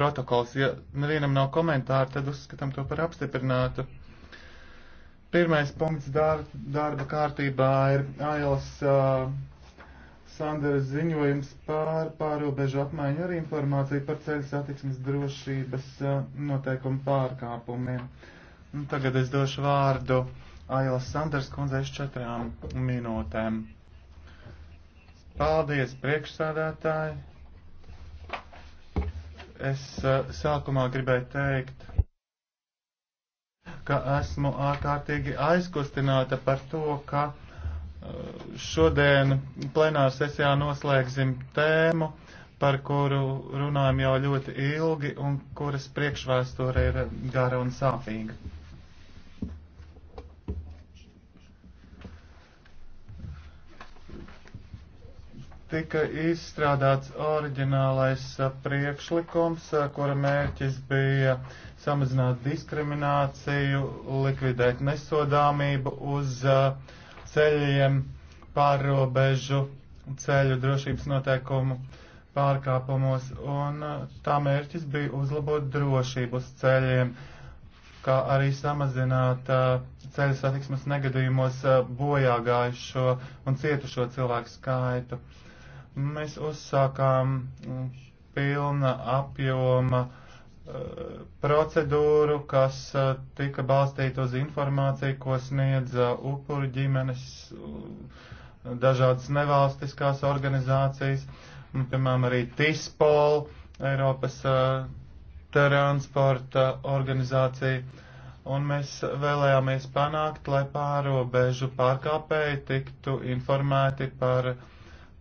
protokols. Ja nevienam nav komentāru, tad uzskatām to par apstiprinātu. Pirmais punkts dar, darba kārtībā ir Ailes uh, Sanders ziņojums pār pārobežu apmaiņu ar informāciju par ceļu satiksmes drošības uh, noteikumu pārkāpumiem. Un tagad es došu vārdu Ailes Sanders kundzei četrām minūtēm. Paldies, priekšsādātāji! Es eh, sākumā gribēju teikt, ka esmu ārkārtīgi aizkustināta par to, ka eh, šodien plenāra sesijā noslēgsim tēmu, par kuru runājam jau ļoti ilgi un kuras priekšvēsture ir eh, gara un sāpīga. tika izstrādāts oriģinālais priekšlikums, kura mērķis bija samazināt diskrimināciju, likvidēt nesodāmību uz ceļiem, pārrobežu ceļu drošības noteikumu pārkāpumos, un tā mērķis bija uzlabot drošību uz ceļiem, kā arī samazināt ceļu satiksmes negadījumos bojāgājušo un cietušo cilvēku skaitu. Uh, mēs uzsākām mm, pilna apjoma eh, procedūru, kas eh, tika balstīta uz informāciju, ko sniedza eh, upuru ģimenes, mm, dažādas nevalstiskās organizācijas, un, mm, piemēram, arī TISPOL, Eiropas transporta organizācija, un mēs vēlējāmies panākt, lai pārobežu pārkāpēji tiktu informēti par uh,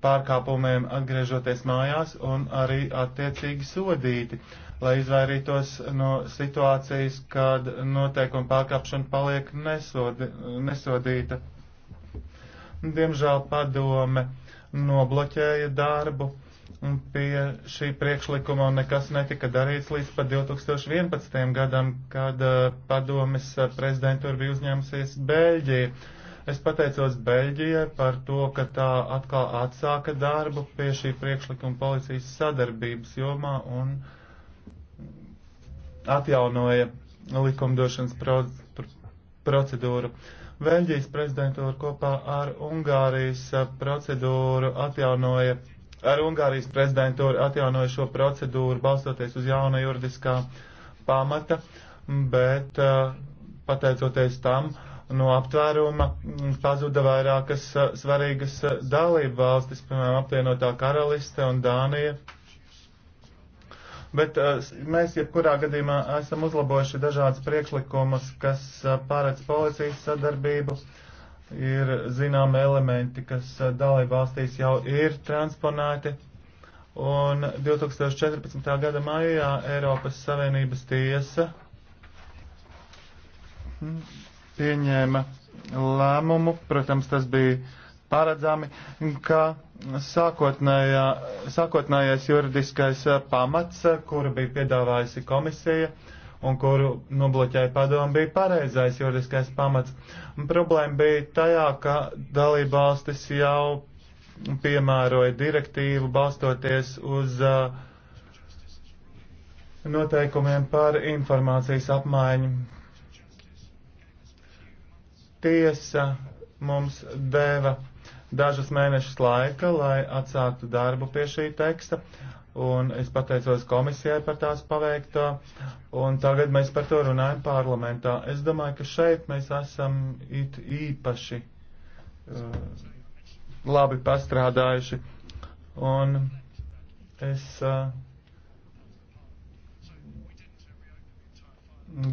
pārkāpumiem atgriežoties mājās un arī attiecīgi sodīti, lai izvairītos no situācijas, kad noteikuma pārkāpšana paliek nesodi, nesodīta. Diemžēl padome nobloķēja darbu pie šī priekšlikuma un nekas netika darīts līdz pat 2011. gadam, kad eh, padomis eh, prezidentūra bija uzņēmusies Bēļģija Es pateicos Beļģijai par to, ka tā atkal atsāka darbu pie šī priekšlikuma policijas sadarbības jomā un atjaunoja likumdošanas pro pr procedūru. Vēļģijas prezidentūra kopā ar Ungārijas procedūru atjaunoja, ar Ungārijas prezidentūru atjaunoja šo procedūru balstoties uz jauna juridiskā pamata, bet eh, pateicoties tam, no aptvēruma pazuda vairākas eh, svarīgas eh, dalība valstis, piemēram, apvienotā karaliste un Dānija. Bet eh, mēs jebkurā gadījumā esam uzlabojuši dažādas priekšlikumus, kas pārēc policijas sadarbību. Ir zināmi elementi, kas dalība valstīs jau ir transponēti. Un 2014. gada maijā Eiropas Savienības tiesa pieņēma lēmumu, protams, tas bija paredzami, ka sākotnējais juridiskais pamats, kuru bija piedāvājusi komisija un kuru nobloķēja padomu, bija pareizais juridiskais pamats. Problēma bija tajā, ka dalībvalstis jau piemēroja direktīvu balstoties uz uh, noteikumiem par informācijas apmaiņu. Tiesa mums deva dažus mēnešus laika, lai atsāktu darbu pie šī teksta, un es pateicos komisijai par tās paveikto, un tagad mēs par to runājam parlamentā. Es domāju, ka šeit mēs esam it īpaši uh, labi pastrādājuši, un es. Uh,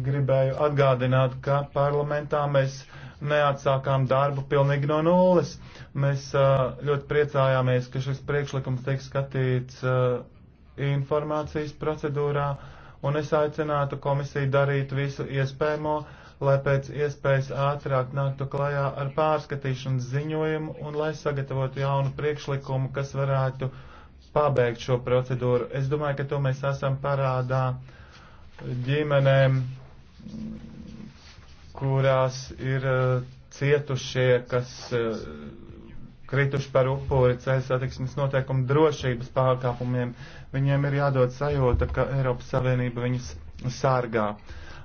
gribēju atgādināt, ka parlamentā mēs neatsākām darbu pilnīgi no nulles. Mēs ļoti priecājāmies, ka šis priekšlikums tiek skatīts informācijas procedūrā, un es aicinātu komisiju darīt visu iespējamo, lai pēc iespējas ātrāk nāktu klajā ar pārskatīšanas ziņojumu un lai sagatavotu jaunu priekšlikumu, kas varētu pabeigt šo procedūru. Es domāju, ka to mēs esam parādā uh, ģimenēm, kurās ir uh, cietušie, kas uh, krituši par upuri ceļu satiksmes noteikumu drošības pārkāpumiem, viņiem ir jādod sajūta, ka Eiropas Savienība viņus sargā.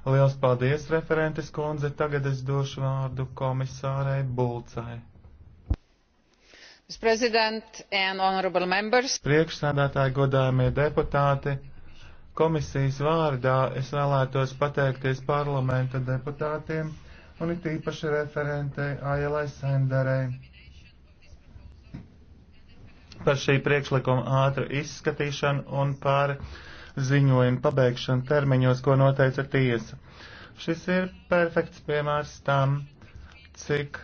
Liels paldies, referentes kundze. Tagad es došu vārdu komisārai Bulcai. Priekšsēdētāji, godājumie deputāti, Komisijas vārdā es vēlētos pateikties parlamenta deputātiem un it īpaši referentei Aielai Senderei par šī priekšlikuma ātru izskatīšanu un par ziņojumu pabeigšanu termiņos, ko noteica tiesa. Šis ir perfekts piemērs tam, cik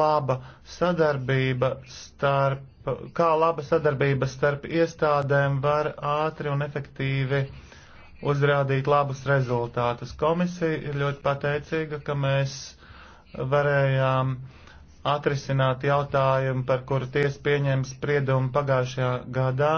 laba sadarbība starp, kā laba sadarbība starp iestādēm var ātri un efektīvi uzrādīt labus rezultātus. Komisija ir ļoti pateicīga, ka mēs varējām atrisināt jautājumu, par kuru tiesa pieņēma spriedumu pagājušajā gadā,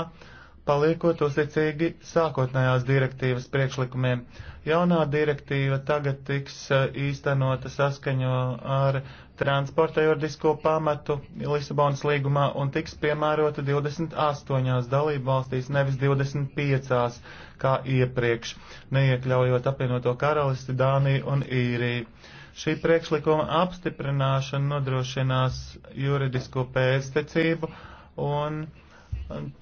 paliekot uzticīgi sākotnējās direktīvas priekšlikumiem. Jaunā direktīva tagad tiks eh, īstenota saskaņo ar transporta juridisko pamatu Lisabonas līgumā un tiks piemērota 28 dalību valstīs, nevis 25 kā iepriekš, neiekļaujot apvienoto karalisti Dāniju un Īriju. Šī priekšlikuma apstiprināšana nodrošinās juridisko pēctecību un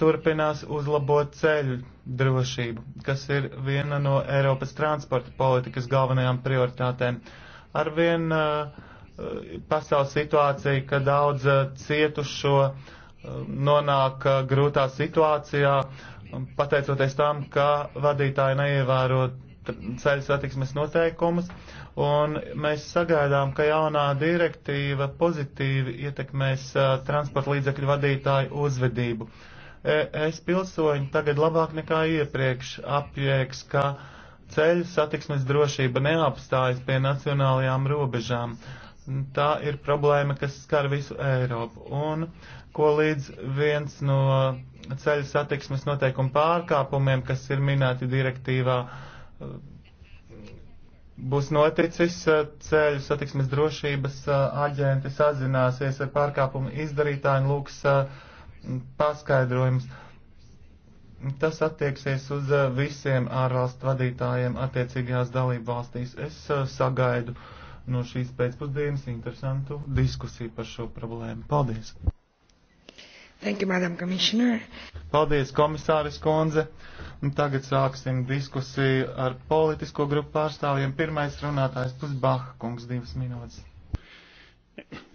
turpinās uzlabot ceļu drošību, kas ir viena no Eiropas transporta politikas galvenajām prioritātēm. Arvien uh, Eh, pastāv situācija, ka daudz eh, cietušo eh, nonāk grūtā situācijā, pateicoties tam, ka vadītāji neievēro ceļu satiksmes noteikumus, un mēs sagaidām, ka jaunā direktīva pozitīvi ietekmēs transporta līdzekļu vadītāju uzvedību. Es pilsoņi tagad labāk nekā iepriekš apjēgs, ka ceļu satiksmes drošība neapstājas pie nacionālajām robežām. Uh, tā ir problēma, kas skar visu Eiropu. Un ko līdz viens no ceļu satiksmes noteikumu pārkāpumiem, kas ir minēti direktīvā, būs noticis, ceļu satiksmes drošības aģenti sazināsies ar pārkāpumu izdarītāju un lūgs paskaidrojums. Tas attieksies uz visiem ārvalstu vadītājiem attiecīgajās dalību valstīs. Es sagaidu uh, no šīs pēcpusdienas interesantu diskusiju par šo problēmu. Paldies! Thank you, Madam Commissioner. Paldies, komisāris Konze. Un tagad sāksim diskusiju ar politisko grupu pārstāvjiem. Pirmais runātājs būs Baha kungs, divas minūtes.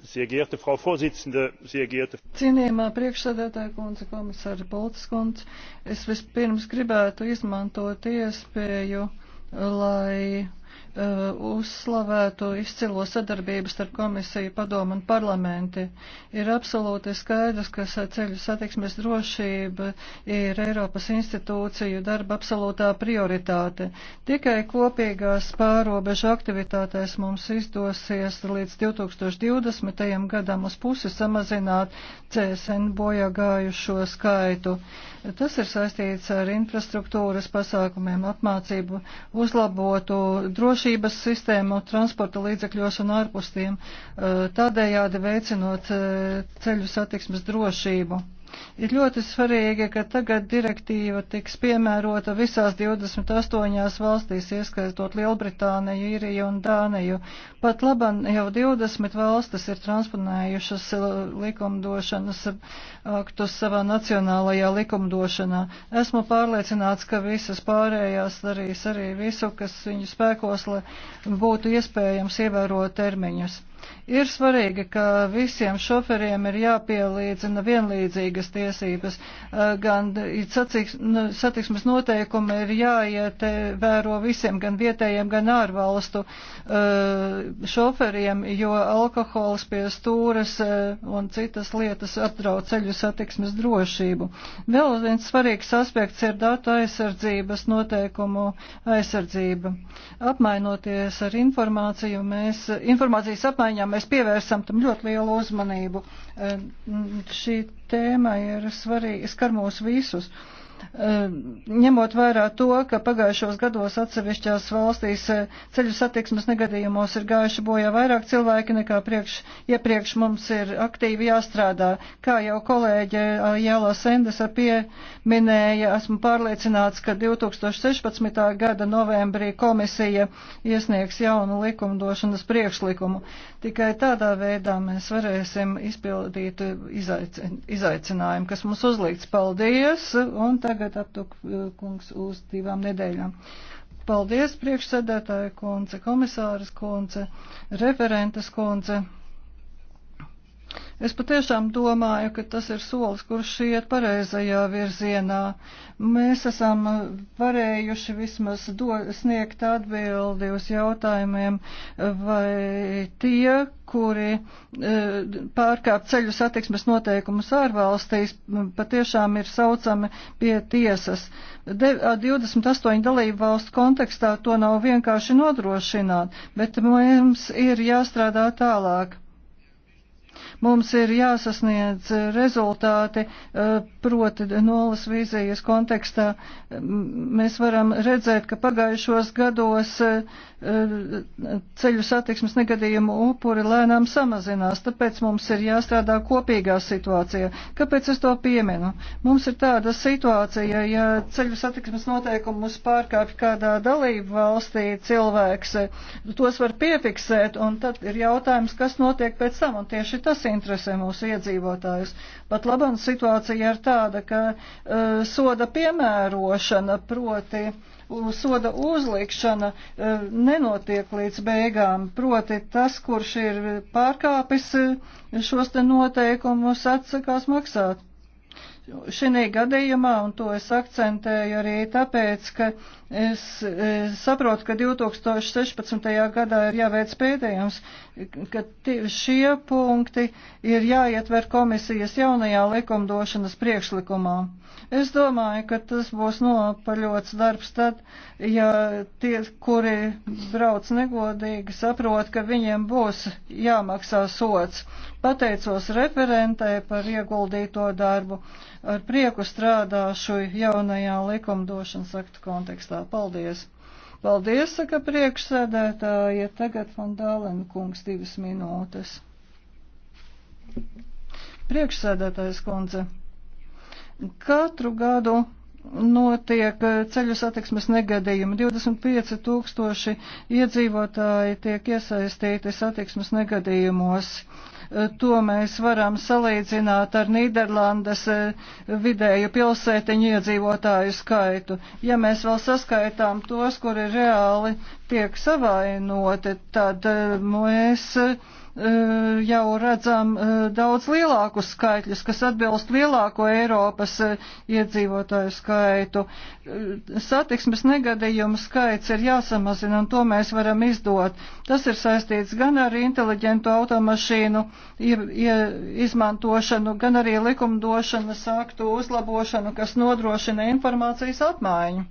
Sehr geehrte Frau Vorsitzende, sehr geehrte Cienījumā priekšsēdētāja kundze, komisāra Bolts kundze, es vispirms gribētu izmantot iespēju, lai Uh, uzslavētu izcilo sadarbību starp komisiju, padomu un parlamenti. Ir absolūti skaidrs, ka ceļu satiksmes drošība ir Eiropas institūciju darba absolūtā prioritāte. Tikai kopīgās pārobežu aktivitātēs mums izdosies līdz 2020. gadam uz pusi samazināt CSN bojagājušo skaitu. Tas ir saistīts ar infrastruktūras pasākumiem, apmācību, uzlabotu drošību drošības sistēmu transporta līdzekļos un ārpus tiem, tādējādi veicinot ceļu satiksmes drošību. Ir ļoti svarīgi, ka tagad direktīva tiks piemērota visās 28 valstīs, ieskaitot Lielbritāniju, Īriju un Dāniju. Pat laban jau 20 valstis ir transponējušas eh, likumdošanas aktus savā nacionālajā likumdošanā. Esmu pārliecināts, ka visas pārējās darīs arī visu, kas viņu spēkos, lai būtu iespējams ievērot termiņus. Ir svarīgi, ka visiem šoferiem ir jāpielīdzina vienlīdzīgas konkurences tiesības, gan nu, satiksmes noteikumi ir jāievēro visiem, gan vietējiem, gan ārvalstu šoferiem, jo alkohols pie stūras un citas lietas apdraud ceļu satiksmes drošību. Vēl viens svarīgs aspekts ir datu aizsardzības noteikumu aizsardzība. Apmainoties ar informāciju, mēs, informācijas apmaiņā mēs pievērsam tam ļoti lielu uzmanību. Šī tēma ir svarīga, skar mūs visus. Uh, Ehm, ņemot vērā to, ka pagājušos gados atsevišķās valstīs eh, ceļu satiksmes negadījumos ir gājuši bojā vairāk cilvēki nekā priekš, iepriekš mums ir aktīvi jāstrādā. Kā jau kolēģe eh, Jālā Sendesa pieminēja, esmu pārliecināts, ka 2016. gada novembrī komisija iesniegs jaunu likumdošanas priekšlikumu. Tikai tādā veidā mēs varēsim izpildīt eh, izaicinājumu, kas mums uzlikts. Paldies! Un tagad tagad aptuk eh, kungs uz divām nedēļām. Paldies, priekšsēdētāja kundze, komisāras kundze, referentes kundze. Es patiešām domāju, ka tas ir solis, kurš iet pareizajā virzienā. Mēs esam varējuši vismaz do, sniegt atbildi uz jautājumiem, vai tie, kuri e, pārkāp ceļu satiksmes noteikumus ārvalstīs, patiešām ir saucami pie tiesas. De, 28 dalību valstu kontekstā to nav vienkārši nodrošināt, bet mums ir jāstrādā tālāk. Mums ir jāsasniedz rezultāti, eh, proti nolas vīzijas kontekstā. Mēs varam redzēt, ka pagājušos gados eh, ceļu satiksmes negadījumu upuri lēnām samazinās, tāpēc mums ir jāstrādā kopīgā situācija. Kāpēc es to pieminu? Mums ir tāda situācija, ja ceļu satiksmes noteikumus pārkāpj kādā dalību valstī cilvēks, eh, tos var piefiksēt, un tad ir jautājums, kas notiek pēc tam, un tieši tas interesē mūsu iedzīvotājus. Pat labam situācija ir tāda, ka uh, soda piemērošana proti soda uzlikšana eh, nenotiek līdz beigām. Proti tas, kurš ir pārkāpis eh, šos te noteikumus, atsakās maksāt. Šī gadījumā, un to es akcentēju arī tāpēc, ka es, es saprotu, ka 2016. gadā ir jāveic pēdējums, ka šie punkti ir jāietver komisijas jaunajā likumdošanas priekšlikumā. Es domāju, ka tas būs nopaļots darbs tad, ja tie, kuri brauc negodīgi, saprot, ka viņiem būs jāmaksā sots. Pateicos referentē par ieguldīto darbu. Ar prieku strādāšu jaunajā likumdošanas aktu kontekstā. Paldies! Paldies, saka priekšsēdētāja. Tagad man dālen kungs divas minūtes. Priekšsēdētājs kundze. Katru gadu notiek eh, ceļu satiksmes negadījumi. 25 tūkstoši iedzīvotāji tiek iesaistīti satiksmes negadījumos. Eh, to mēs varam salīdzināt ar Nīderlandes eh, vidēju pilsētiņu iedzīvotāju skaitu. Ja mēs vēl saskaitām tos, kuri reāli tiek savainoti, tad mēs. Uh, Eh, jau redzam eh, daudz lielākus skaitļus, kas atbilst lielāko Eiropas eh, iedzīvotāju skaitu. Satiksmes negadījumu skaits ir jāsamazina, un to mēs varam izdot. Tas ir saistīts gan ar inteliģentu automašīnu izmantošanu, gan arī likumdošanas aktu uzlabošanu, kas nodrošina informācijas apmaiņu.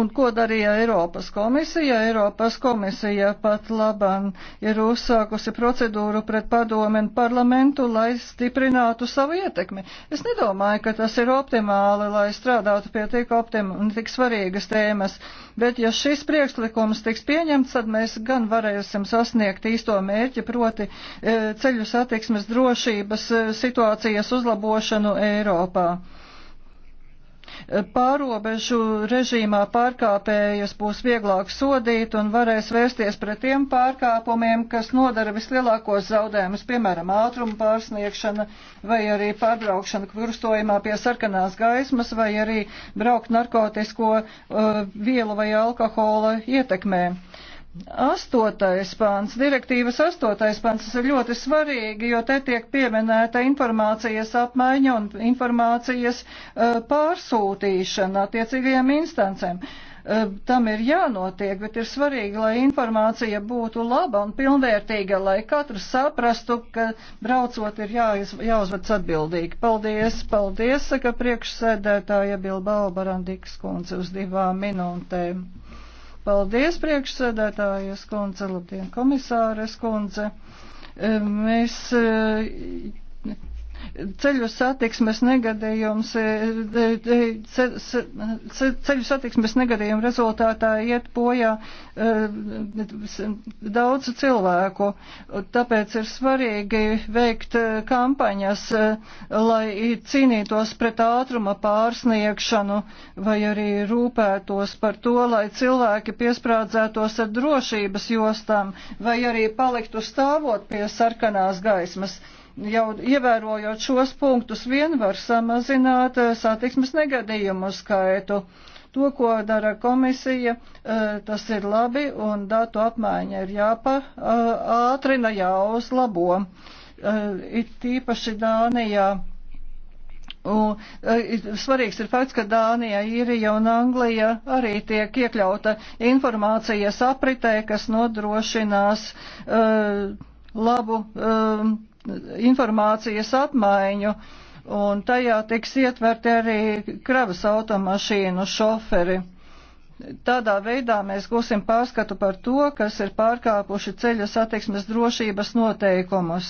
Un ko darīja Eiropas komisija? Eiropas komisija pat laban ir uzsākusi procedūru pret padomi un parlamentu, lai stiprinātu savu ietekmi. Es nedomāju, ka tas ir optimāli, lai strādātu pie tik optim un tik svarīgas tēmas, bet ja šis priekšlikums tiks pieņemts, tad mēs gan varēsim sasniegt īsto mērķi, proti e, ceļu satiksmes drošības e, situācijas uzlabošanu Eiropā. Pārobežu režīmā pārkāpējus būs vieglāk sodīt un varēs vērsties pret tiem pārkāpumiem, kas nodara vislielākos zaudējumus, piemēram, ātruma pārsniegšana vai arī pārbraukšana kurstojumā pie sarkanās gaismas vai arī braukt narkotisko uh, vielu vai alkohola ietekmē. Astotais pāns, direktīvas astotais pāns, tas ir ļoti svarīgi, jo te tiek pieminēta informācijas apmaiņa un informācijas uh, pārsūtīšana attiecīgajām instancēm. Uh, tam ir jānotiek, bet ir svarīgi, lai informācija būtu laba un pilnvērtīga, lai katrs saprastu, ka braucot ir jāiz, jāuzvedas atbildīgi. Paldies, paldies, saka priekšsēdētāja Bilbao Barandikas kundze uz divām minūtēm. Paldies, priekšsēdētājas kundze, labdien, komisāres kundze. Mēs Ceļu satiksmes negadījums, e, e, e, ce, ce, ceļu satiksmes negadījumu rezultātā iet bojā daudz cilvēku. Tāpēc ir svarīgi veikt kampaņas, lai cīnītos pret ātruma pārsniegšanu vai arī rūpētos par to, lai cilvēki piesprādzētos ar drošības jostām vai arī paliktu stāvot pie sarkanās gaismas. Jau ievērojot šos punktus, vien var samazināt eh, satiksmes negadījumu skaitu. To, ko dara komisija, eh, tas ir labi, un datu apmaiņa ir jāpaātrina, eh, jāuzlabo. Ir tīpaši Dānijā. Un, svarīgs ir fakts, ka Dānija, Īrija un Anglija arī tiek iekļauta informācijas apritē, kas nodrošinās uh, labu. Uh, informācijas apmaiņu, un tajā tiks ietverti arī kravas automašīnu šoferi. Tādā veidā mēs gūsim pārskatu par to, kas ir pārkāpuši ceļa satiksmes drošības noteikumus.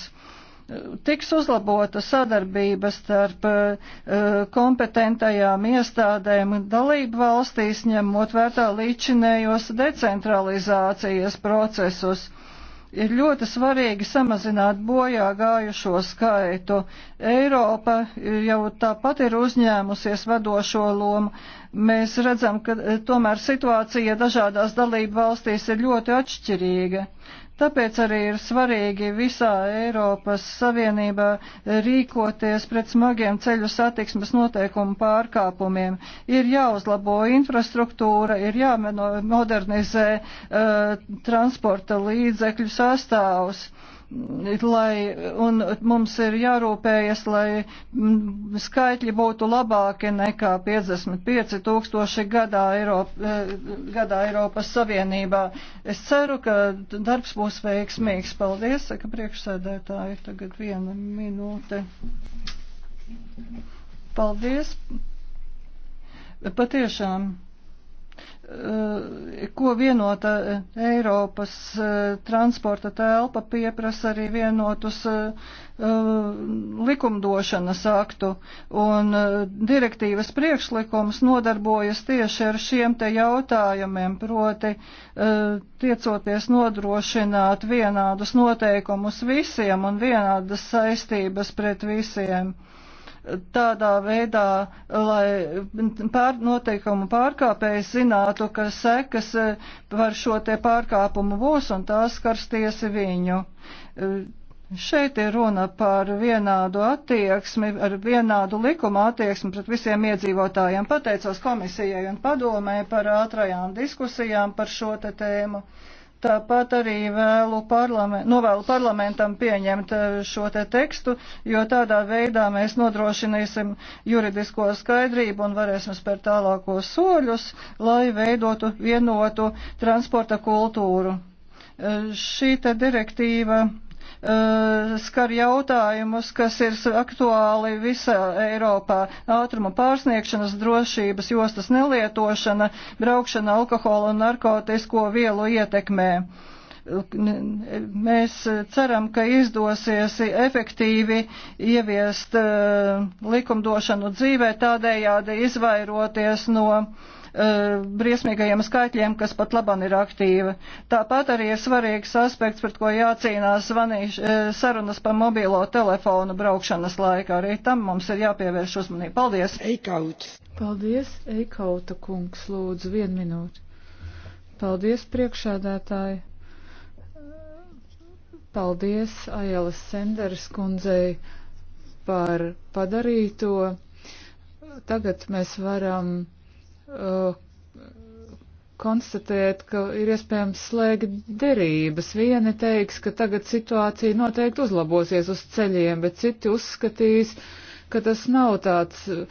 Tiks uzlabota sadarbība starp uh, kompetentajām iestādēm dalību valstīs, ņemot vērtā līdzinējos decentralizācijas procesus. Uh, Ir ļoti svarīgi samazināt bojā gājušo skaitu. Eiropa jau tāpat ir uzņēmusies vadošo lomu. Mēs redzam, ka tomēr situācija dažādās dalību valstīs ir ļoti atšķirīga. Tāpēc arī ir svarīgi visā Eiropas Savienībā rīkoties pret smagiem ceļu satiksmes noteikumu pārkāpumiem. Ir jāuzlabo infrastruktūra, ir jāmodernizē uh, eh, transporta līdzekļu sastāvs. Uh, lai, un mums ir jārūpējas, lai skaitļi būtu labāki nekā 55 tūkstoši gadā, Eiropa, gadā Eiropas Savienībā. Es ceru, ka darbs būs veiksmīgs. Paldies, ka priekšsēdētāji tagad viena minūte. Paldies. Patiešām. Eh, ko vienota eh, Eiropas eh, transporta telpa pieprasa arī vienotus likumdošanas aktu, un direktīvas priekšlikums nodarbojas tieši ar šiem te jautājumiem, proti tiecoties nodrošināt vienādus noteikumus visiem un vienādas saistības pret visiem tādā veidā, lai pār, noteikumu pārkāpēji zinātu, ka sekas e, par šo te pārkāpumu būs un tās karstiesi viņu. E, šeit ir runa par vienādu attieksmi, ar vienādu likuma attieksmi pret visiem iedzīvotājiem. Pateicos komisijai un padomē par ātrajām diskusijām par šo te tēmu. Tāpat arī vēlu parlament, novēlu parlamentam pieņemt eh, šo te tekstu, jo tādā veidā mēs nodrošināsim juridisko skaidrību un varēsim spērt tālākos soļus, lai veidotu vienotu transporta kultūru. Eh, šī te direktīva Eh, skar jautājumus, kas ir aktuāli visā Eiropā. Ātruma pārsniegšanas, drošības jostas nelietošana, braukšana alkohola un narkotisko vielu ietekmē mēs ceram, ka izdosies efektīvi ieviest eh, likumdošanu dzīvē, tādējādi izvairoties no Eh, briesmīgajiem skaitļiem, kas pat laban ir aktīva. Tāpat arī ir svarīgs aspekts, pret ko jācīnās zvanīš, eh, sarunas par mobilo telefonu braukšanas laikā. Arī tam mums ir jāpievērš uzmanība. Paldies! Eikaut! Paldies, Eikauta kungs, lūdzu, vienu minūti. Paldies, priekšādātāji! Paldies Aielas Senderas kundzei par padarīto. Tagad mēs varam uh, konstatēt, ka ir iespējams slēgt derības. Vieni teiks, ka tagad situācija noteikti uzlabosies uz ceļiem, bet citi uzskatīs, ka tas nav tāds uh,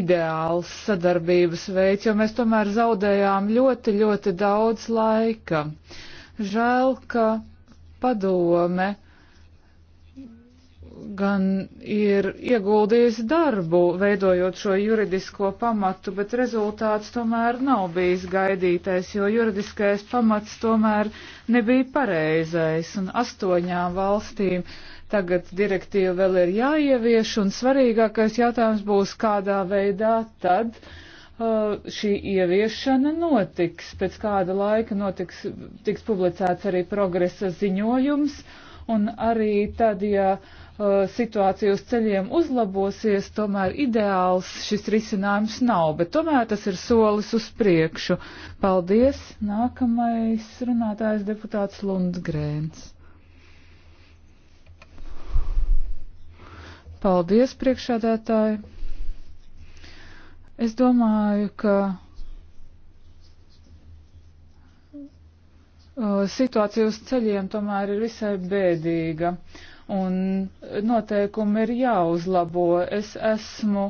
ideāls sadarbības veids, jo mēs tomēr zaudējām ļoti, ļoti daudz laika. Žēl, ka padome gan ir ieguldījis darbu, veidojot šo juridisko pamatu, bet rezultāts tomēr nav bijis gaidītais, jo juridiskais pamats tomēr nebija pareizais, un astoņām valstīm tagad direktīva vēl ir jāievieš, un svarīgākais jautājums būs, kādā veidā tad uh, šī ieviešana notiks. Pēc kāda laika notiks, tiks publicēts arī progresa ziņojums, un arī tad, ja uh, Uh, situācija uz ceļiem uzlabosies, tomēr ideāls šis risinājums nav, bet tomēr tas ir solis uz priekšu. Paldies! Nākamais runātājs deputāts Lundgrēns. Paldies, priekšādētāji! Es domāju, ka uh, situācija uz ceļiem tomēr ir visai bēdīga. Uh, un noteikumi ir jāuzlabo. Es esmu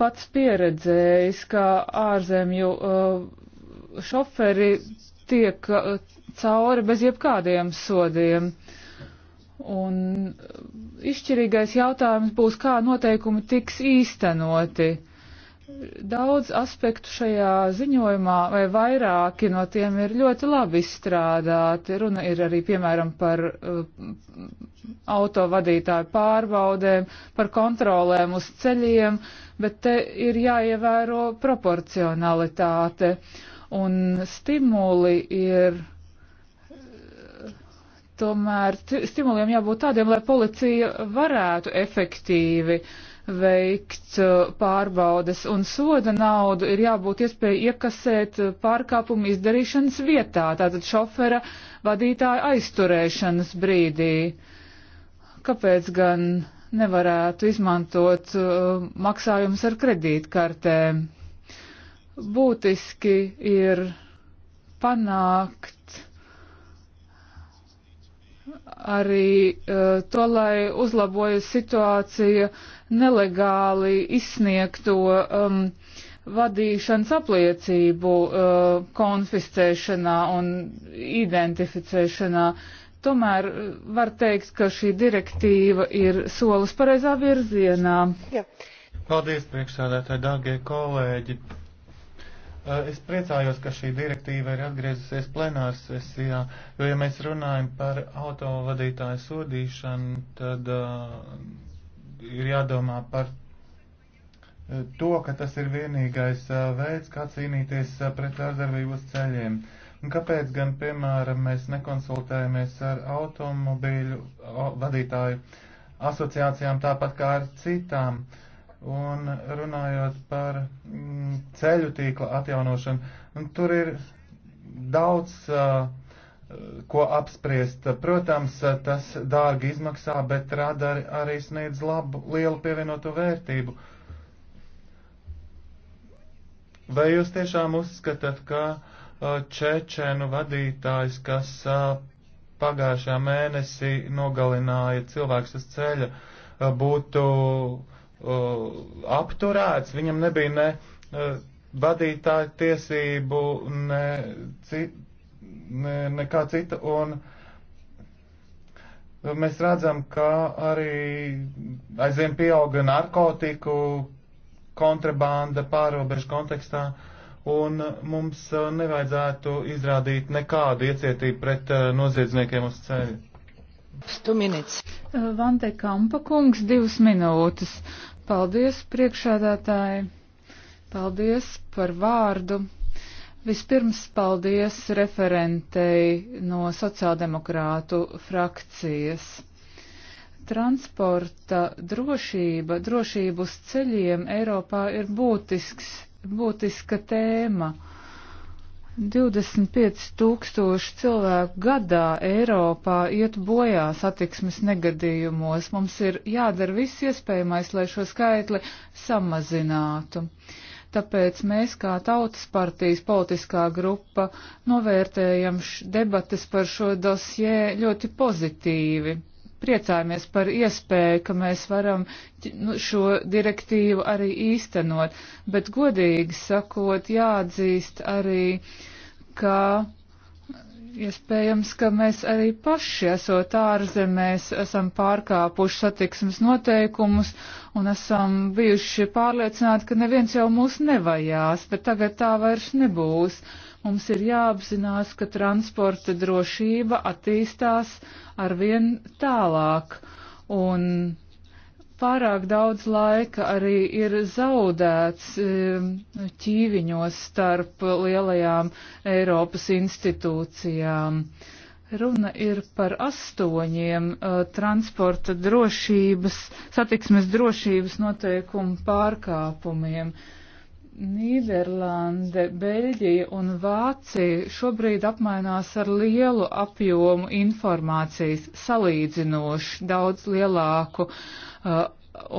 pats pieredzējis, ka ārzemju uh, šoferi tiek uh, cauri bez jebkādiem sodiem. Un uh, izšķirīgais jautājums būs, kā noteikumi tiks īstenoti. Daudz aspektu šajā ziņojumā, vai vairāki no tiem ir ļoti labi izstrādāti. Runa ir arī, piemēram, par uh, autovadītāju pārbaudēm, par kontrolēm uz ceļiem, bet te ir jāievēro proporcionalitāte un stimuli ir. Tomēr stimuliem jābūt tādiem, lai policija varētu efektīvi veikt uh, pārbaudes, un soda naudu ir jābūt iespēja iekasēt uh, pārkāpumu izdarīšanas vietā, tātad šofera vadītāja aizturēšanas brīdī kāpēc gan nevarētu izmantot uh, maksājumus ar kredītkartēm? Būtiski ir panākt arī uh, to, lai uzlabojas situācija nelegāli izsniegto um, vadīšanas apliecību uh, konfiscēšanā un identificēšanā. Uh, Tomēr eh, var teikt, ka šī direktīva ir solis pareizā virzienā. Jā. Paldies, priekšsādātāji, dārgie kolēģi. Eh, es priecājos, ka šī direktīva ir atgriezusies plenārs sesijā, jo, ja mēs runājam par autovadītāju sodīšanu, tad uh, ir jādomā par to, ka tas ir vienīgais uh, veids, kā cīnīties uh, pret ārdarbības ceļiem. Uh, Kāpēc gan, piemēram, mēs nekonsultējamies ar automobīļu vadītāju asociācijām tāpat kā ar citām? Un runājot par mm, ceļu tīkla atjaunošanu, tur ir daudz uh, ko apspriest. Protams, tas dārgi izmaksā, bet rada arī sniedz labu, lielu pievienoto vērtību. Vai jūs tiešām uzskatāt, ka Uh, čečenu vadītājs, kas uh, pagājušā mēnesī nogalināja cilvēks uz ceļa, uh, būtu apturēts. Viņam nebija ne vadītāja tiesību, ne, ci, ne, nekā cita. Un, Mēs redzam, ka arī aizvien pieauga narkotiku kontrabanda pārobežu kontekstā. Uh, un uh, mums uh, nevajadzētu izrādīt nekādu iecietību pret uh, noziedzniekiem uz ceļa. Stu minūtes. Vante Kampa kungs, divas minūtes. Paldies, priekšādātāji. Paldies par vārdu. Vispirms paldies referentei no sociāldemokrātu frakcijas. Transporta drošība, drošība uz ceļiem Eiropā ir būtisks būtiska tēma. 25 tūkstoši cilvēku gadā Eiropā iet bojā satiksmes negadījumos. Mums ir jādara viss iespējamais, lai šo skaitli samazinātu. Tāpēc mēs, kā Tautas partijas politiskā grupa, novērtējam debates par šo dosjē ļoti pozitīvi priecājamies par iespēju, ka mēs varam nu, šo direktīvu arī īstenot, bet godīgi sakot, jāatzīst arī, ka iespējams, ka mēs arī paši esot ārzemēs, esam pārkāpuši satiksmes noteikumus un esam bijuši pārliecināti, ka neviens jau mūs nevajās, bet tagad tā vairs nebūs. Uh, Mums ir jāapzinās, ka transporta drošība attīstās arvien tālāk, un pārāk daudz laika arī ir zaudēts ķīviņos starp lielajām Eiropas institūcijām. Runa ir par astoņiem uh, transporta drošības, satiksmes drošības noteikumu pārkāpumiem. Uh, Nīderlande, Beļģija un Vācija šobrīd apmainās ar lielu apjomu informācijas, salīdzinoši daudz lielāku. Uh,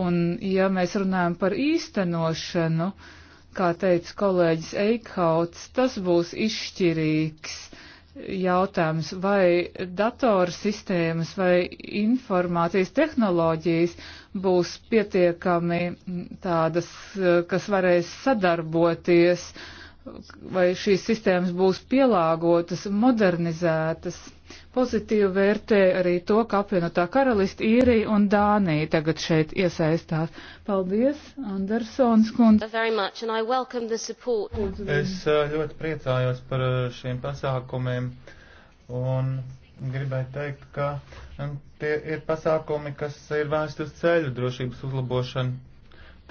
un, ja mēs runājam par īstenošanu, kā teica kolēģis Eikhauts, tas būs izšķirīgs jautājums, vai datorsistēmas vai informācijas tehnoloģijas būs pietiekami tādas, kas varēs sadarboties, vai šīs sistēmas būs pielāgotas, modernizētas. Pozitīvi vērtē arī to, ka apvienotā karalista īrija un Dānija tagad šeit iesaistās. Paldies, Andersons kundze. Es uh, ļoti priecājos par uh, šiem pasākumiem un gribēju teikt, ka tie ir pasākumi, kas ir vērsti uz ceļu drošības uzlabošanu.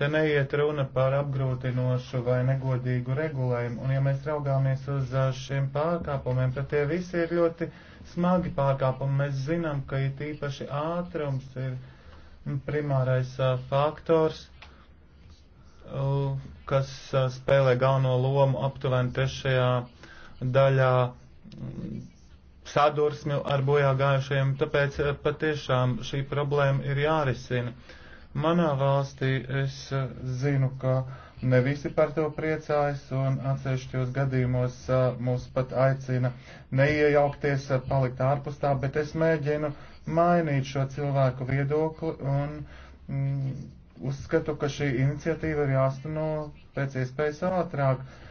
Te neiet runa par apgrūtinošu vai negodīgu regulējumu, un ja mēs raugāmies uz uh, šiem pārkāpumiem, tad tie visi ir ļoti smagi pārkāpumi. Mēs zinām, ka it īpaši ātrums ir primārais uh, faktors, uh, kas spēlē galveno lomu aptuveni trešajā daļā mm, sadursmju ar bojā gājušajiem, tāpēc eh, patiešām šī problēma ir jārisina. Manā valstī es eh, zinu, ka ne visi par to priecājas un atsevišķos gadījumos eh, mūs pat aicina neiejaukties, palikt ārpus tā, bet es mēģinu mainīt šo cilvēku viedokli un mm, uzskatu, ka šī iniciatīva ir jāstano pēc iespējas ātrāk. Uh,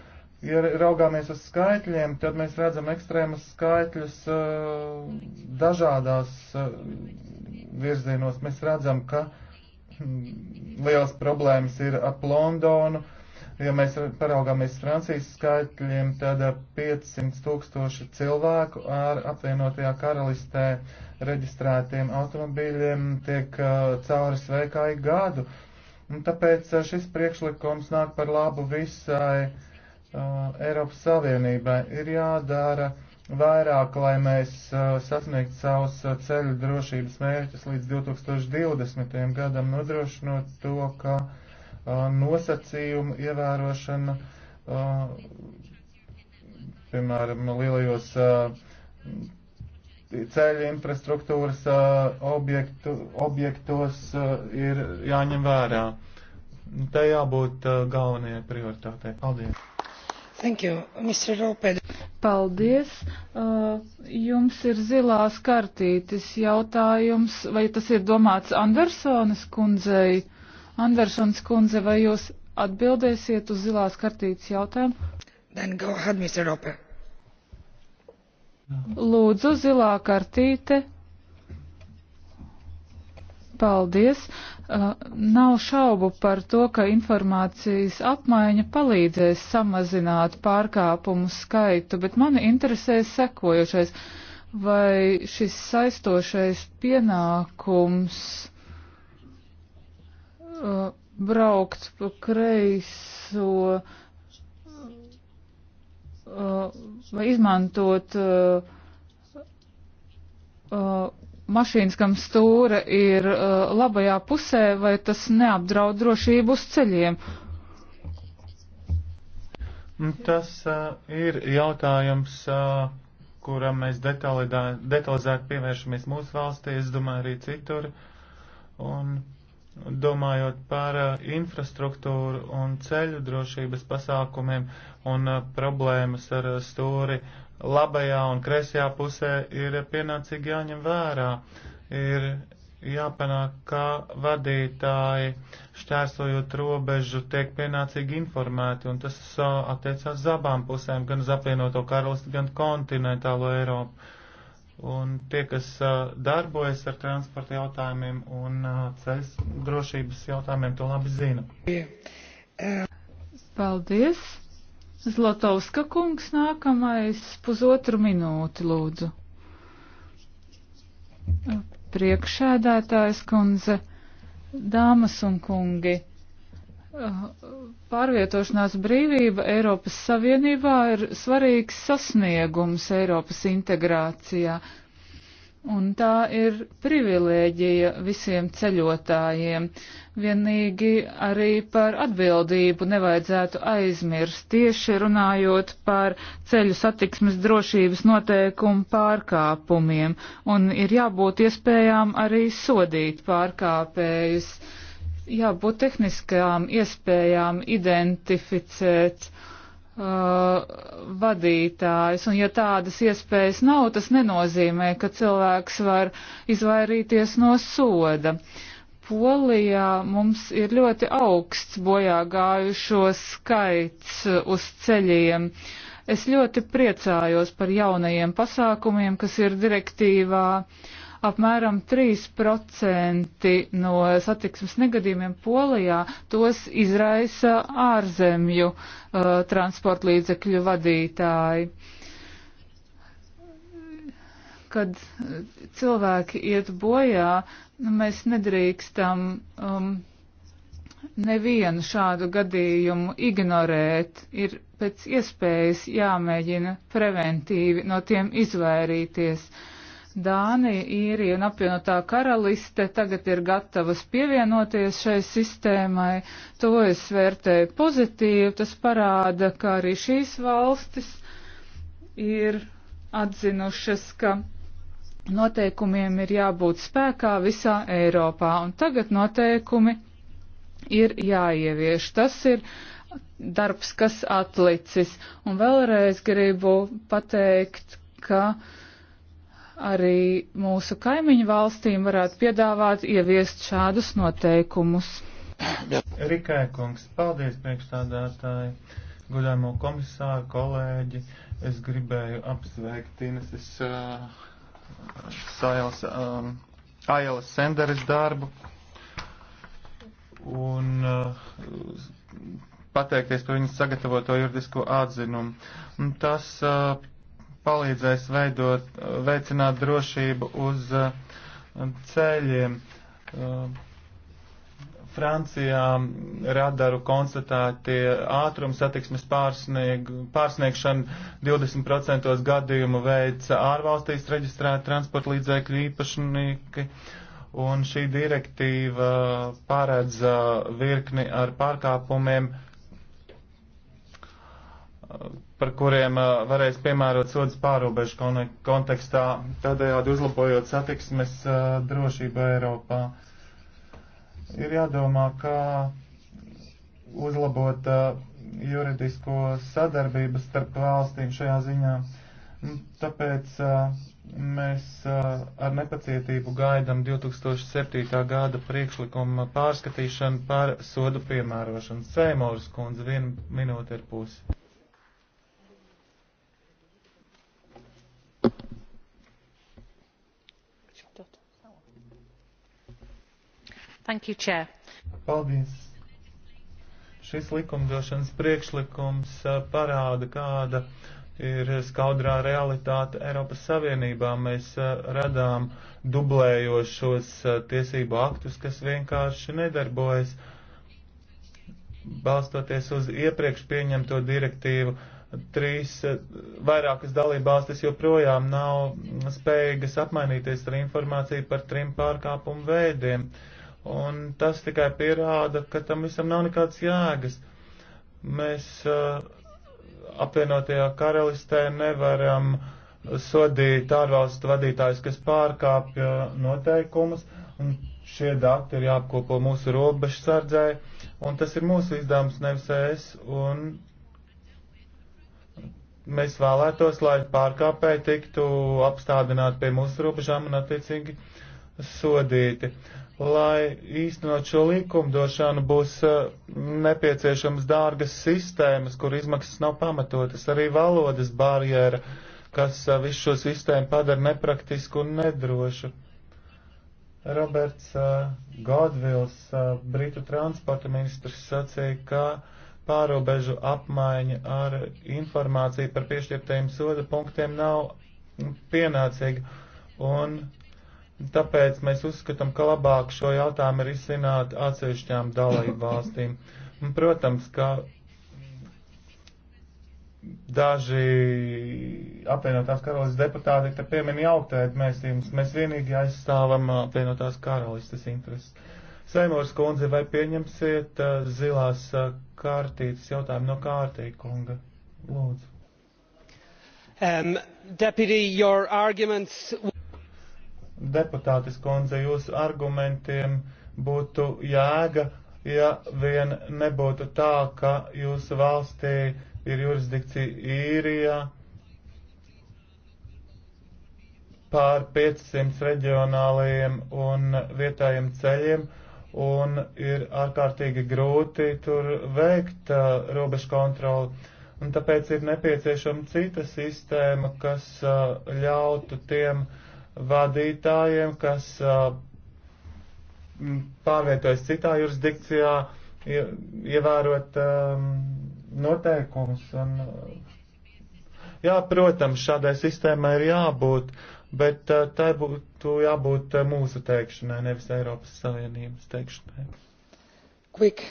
Ja raugāmies uz skaitļiem, tad mēs redzam ekstrēmas skaitļus uh, dažādās uh, virzienos. Mēs redzam, ka hmm, liels problēmas ir ap Londonu. Ja mēs paraugāmies Francijas skaitļiem, tad 500 uh, tūkstoši cilvēku ar apvienotajā karalistē reģistrētiem automobīļiem tiek cauri sveikā ik gadu. Un tāpēc šis priekšlikums nāk par labu visai uh, Uh, Eiropas Savienībai ir jādara vairāk, lai mēs uh, sasniegtu savus uh, ceļu drošības mērķus līdz 2020. gadam, nodrošinot to, ka nosacījumu ievērošana, piemēram, lielajos ceļu infrastruktūras objektu, objektos ir jāņem vērā. Te jābūt galvenajai prioritātei. Paldies! Thank you, Mr. Lopez. Paldies. Uh, jums ir zilās kartītes jautājums, vai tas ir domāts Andersonas kundzei? Andersons kundze, vai jūs atbildēsiet uz zilās kartītes jautājumu? Then go ahead, Mr. Lopez. Lūdzu, zilā kartīte. Paldies! Uh, nav šaubu par to, ka informācijas apmaiņa palīdzēs samazināt pārkāpumu skaitu, bet mani interesē sekojošais. Vai šis saistošais pienākums uh, braukt pa kreiso uh, vai izmantot uh, uh, mašīnas, kam stūra ir uh, labajā pusē, vai tas neapdraud drošību uz ceļiem? Nu, tas uh, ir jautājums, uh, kuram mēs detalizēti pievēršamies mūsu valstī, es domāju, arī citur. Un domājot par eh, infrastruktūru un ceļu drošības pasākumiem un eh, problēmas ar eh, stūri labajā un kreisajā pusē ir pienācīgi jāņem vērā. Ir jāpanāk, ka vadītāji šķērsojot robežu tiek pienācīgi informēti, un tas attiecās uz abām pusēm, gan uz apvienoto karalisti, gan kontinentālo Eiropu un tie, kas darbojas ar transporta jautājumiem un ceļas drošības jautājumiem, to labi zina. Paldies! Zlatovska kungs nākamais pusotru minūti lūdzu. Priekšēdētājs kundze, dāmas un kungi. Pārvietošanās brīvība Eiropas Savienībā ir svarīgs sasniegums Eiropas integrācijā, un tā ir privilēģija visiem ceļotājiem. Vienīgi arī par atbildību nevajadzētu aizmirst, tieši runājot par ceļu satiksmes drošības noteikumu pārkāpumiem, un ir jābūt iespējām arī sodīt pārkāpējus. Uh, jābūt tehniskajām iespējām identificēt uh, vadītājs, un ja tādas iespējas nav, tas nenozīmē, ka cilvēks var izvairīties no soda. Polijā mums ir ļoti augsts bojā gājušo skaits uz ceļiem. Es ļoti priecājos par jaunajiem pasākumiem, kas ir direktīvā. Uh, apmēram 3% no satiksmes negadījumiem Polijā tos izraisa ārzemju uh, transporta līdzekļu vadītāji. Kad uh, cilvēki iet bojā, nu, mēs nedrīkstam um, nevienu šādu gadījumu ignorēt. Ir pēc iespējas jāmēģina preventīvi no tiem izvairīties. Uh, Dānija, Īrija un apvienotā karaliste tagad ir gatavas pievienoties šai sistēmai. To es vērtēju pozitīvi. Tas parāda, ka arī šīs valstis ir atzinušas, ka noteikumiem ir jābūt spēkā visā Eiropā. Un tagad noteikumi ir jāievieš. Tas ir darbs, kas atlicis. Un vēlreiz gribu pateikt, ka uh, arī mūsu kaimiņu valstīm varētu piedāvāt ieviest šādus noteikumus. Rikai kungs, paldies priekšstādātāji, gudāmo komisāru, kolēģi. Es gribēju apsveikt Ineses uh, Sailas, um, Ailas Senderes darbu un uh, pateikties par viņas sagatavoto juridisko atzinumu. Un tas uh, palīdzēs veidot, veicināt drošību uz uh, ceļiem. Uh, Francijā radaru konstatētie ātrums satiksmes pārsnieg, pārsniegšana 20% gadījumu veica ārvalstīs reģistrēta transporta līdzēkļu īpašnieki, un šī direktīva paredz uh, virkni ar pārkāpumiem par kuriem varēs piemērot sodas pārobežu kontekstā, tādējādi uzlabojot satiksmes drošību Eiropā. Ir jādomā, kā uzlabot juridisko sadarbību starp valstīm šajā ziņā. Nu, tāpēc mēs ar nepacietību gaidam 2007. gada priekšlikuma pārskatīšanu par sodu piemērošanu. Sēmoras kundze, viena minūte ir pusi. Thank you, Chair. Paldies. Šis likumdošanas priekšlikums uh, parāda, kāda ir skaudrā realitāte Eiropas Savienībā. Mēs uh, redām dublējošos uh, tiesību aktus, kas vienkārši nedarbojas, balstoties uz iepriekš pieņemto direktīvu trīs eh, vairākas dalībvalstis joprojām nav spējīgas apmainīties ar informāciju par trim pārkāpumu veidiem. Un tas tikai pierāda, ka tam visam nav nekādas jēgas. Mēs uh, apvienotajā karalistē nevaram sodīt ārvalstu vadītājus, kas pārkāpja noteikumus, un šie dati ir jāapkopo mūsu robežsardzē, un tas ir mūsu izdevums, nevis es, un mēs vēlētos, lai pārkāpēji tiktu apstādināti pie mūsu robežām un attiecīgi sodīti. Lai īstenot šo likumdošanu būs eh, nepieciešams dārgas sistēmas, kur izmaksas nav pamatotas, arī valodas barjera, kas eh, visu šo sistēmu padara nepraktisku un nedrošu. Roberts eh, Godvils, Britu transporta ministrs, sacīja, ka pārobežu apmaiņa ar informāciju par piešķirtajiem soda punktiem nav pienācīga. Un tāpēc mēs uzskatām, ka labāk šo jautājumu ir izsināt atsevišķām dalību valstīm. Un, protams, ka daži apvienotās karalistas deputāti te piemin jautājumēsījums. Mēs vienīgi aizstāvam apvienotās karalistas intereses. Seimors kundze, vai pieņemsiet uh, zilās uh, kārtītas jautājumu no kārtīkunga. Lūdzu. Um, deputy, your arguments... Deputātis kundze, jūsu argumentiem būtu jēga, ja vien nebūtu tā, ka jūsu valstī ir jurisdikcija īrijā pār 500 reģionālajiem un vietējiem ceļiem, un ir ārkārtīgi grūti tur veikt uh, robežu kontroli. Un tāpēc ir nepieciešama cita sistēma, kas uh, ļautu tiem vadītājiem, kas uh, pārvietojas citā jurisdikcijā, ie, ievērot um, noteikumus. Un, uh, jā, protams, šādai sistēmai ir jābūt. Uh, bet uh, tai būtu jābūt uh, mūsu teikšanai, nevis Eiropas Savienības teikšanai. Quick.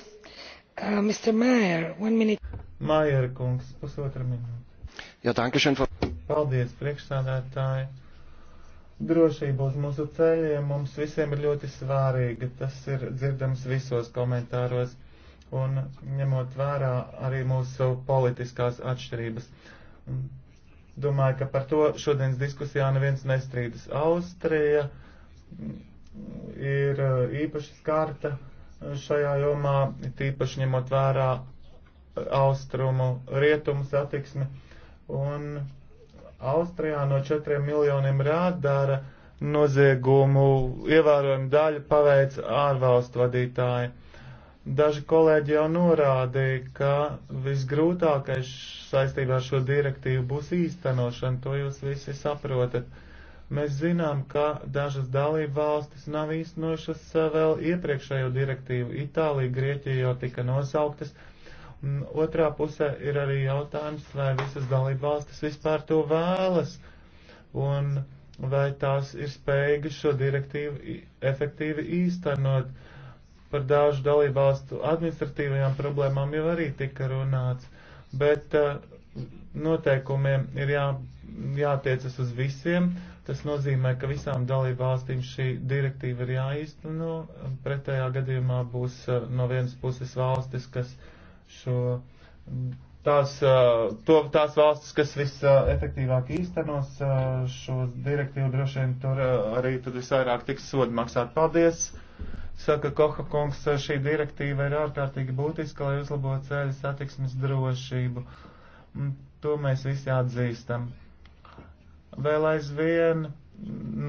Uh, Mr. Mayer, one minute. Mayer kungs, pusotra minūte. Jā, tankašana. For... Paldies, priekšsādātāji. Drošība uz mūsu ceļiem mums visiem ir ļoti svārīga. Tas ir dzirdams visos komentāros un ņemot vērā arī mūsu politiskās atšķirības. Domāju, ka par to šodienas diskusijā neviens nestrīdas. Austrija ir eh, īpaši skarta eh, šajā jomā, tīpaši ņemot vērā eh, austrumu rietumu satiksmi. Un Austrijā no 4 miljoniem rādāra noziegumu ievērojumu daļu paveic ārvalstu vadītāji. Daži kolēģi jau norādīja, ka visgrūtākais saistībā ar šo direktīvu būs īstenošana, to jūs visi saprotat. Mēs zinām, ka dažas dalība valstis nav īstenojušas eh, vēl iepriekšējo direktīvu. Itālija, Grieķija jau tika nosauktas. Un otrā pusē ir arī jautājums, vai visas dalība valstis vispār to vēlas. Un vai tās ir spējīgas šo direktīvu efektīvi īstenot Par dažu dalībvalstu administratīvajām problēmām jau arī tika runāts, bet eh, noteikumiem ir jā, jātiecas uz visiem. Tas nozīmē, ka visām dalībvalstīm šī direktīva ir jāīsteno. Pretējā gadījumā būs eh, no vienas puses valstis, kas šo tās, eh, to, tās valstis, kas visefektīvāk īstenos šo direktīvu, droši vien tur arī tad visvairāk tiks sodi maksāt. Paldies! Saka Koha kungs, šī direktīva ir ārkārtīgi būtiska, lai uzlabotu ceļu satiksmes drošību. Mm, to mēs visi atzīstam. Vēl aizvien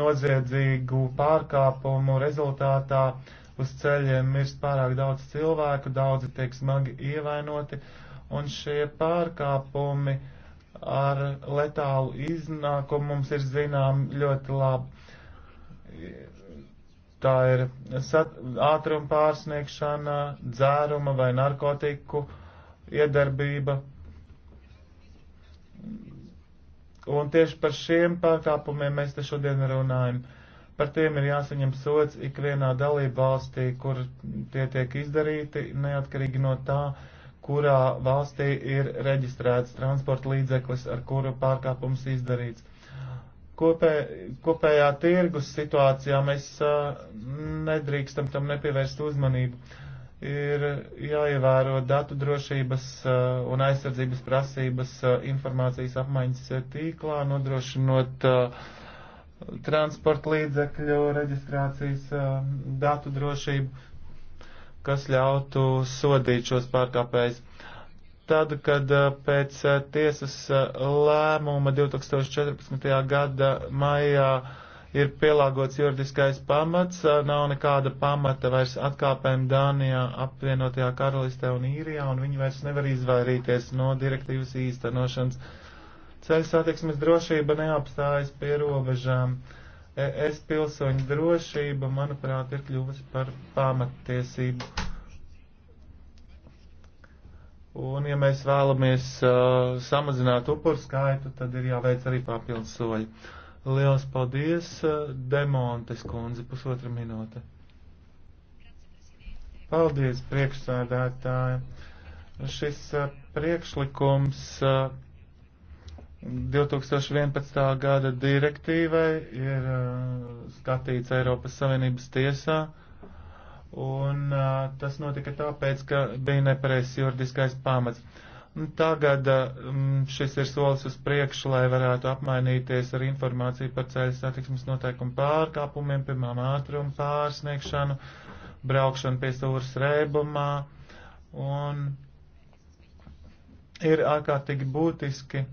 noziedzīgu pārkāpumu rezultātā uz ceļiem mirst pārāk daudz cilvēku, daudzi tiek smagi ievainoti, un šie pārkāpumi ar letālu iznākumu mums ir zinām ļoti labi Tā ir ātruma pārsniegšana, dzēruma vai narkotiku iedarbība. Un tieši par šiem pārkāpumiem mēs te šodien runājam. Par tiem ir jāsaņem sots ikvienā dalība valstī, kur tie tiek izdarīti, neatkarīgi no tā, kurā valstī ir reģistrēts transporta līdzeklis, ar kuru pārkāpums izdarīts Kopē, kopējā tirgus situācijā mēs uh, nedrīkstam tam nepievērst uzmanību. Ir jāievēro datu drošības uh, un aizsardzības prasības uh, informācijas apmaiņas tīklā, nodrošinot uh, transporta līdzekļu reģistrācijas uh, datu drošību, kas ļautu sodīt šos pārkāpējus tad, kad eh, pēc eh, tiesas eh, lēmuma 2014. gada maijā ir pielāgots juridiskais pamats, nav nekāda pamata vairs atkāpēm Dānijā, apvienotajā karalistē un īrijā, un viņi vairs nevar izvairīties no direktīvas īstenošanas. Ceļu satiksmes drošība neapstājas pie robežām. E, es pilsoņu drošība, manuprāt, ir kļuvusi par pamattiesību. Un, ja mēs vēlamies uh, samazināt upuru skaitu, tad ir jāveic arī papildus soļi. Lielas paldies, uh, Demontes kundze, pusotra minūte. Paldies, priekšsādātāja. Šis uh, priekšlikums uh, 2011. gada direktīvai ir uh, skatīts Eiropas Savienības tiesā. Uh, un uh, tas notika tāpēc, ka bija nepareizs juridiskais pamats. Tagad um, šis ir solis uz priekšu, lai varētu apmainīties ar informāciju par ceļu satiksmes noteikumu pārkāpumiem, pirmām ātrumu pārsniegšanu, braukšanu pie stūras rēbumā, un ir ārkārtīgi būtiski,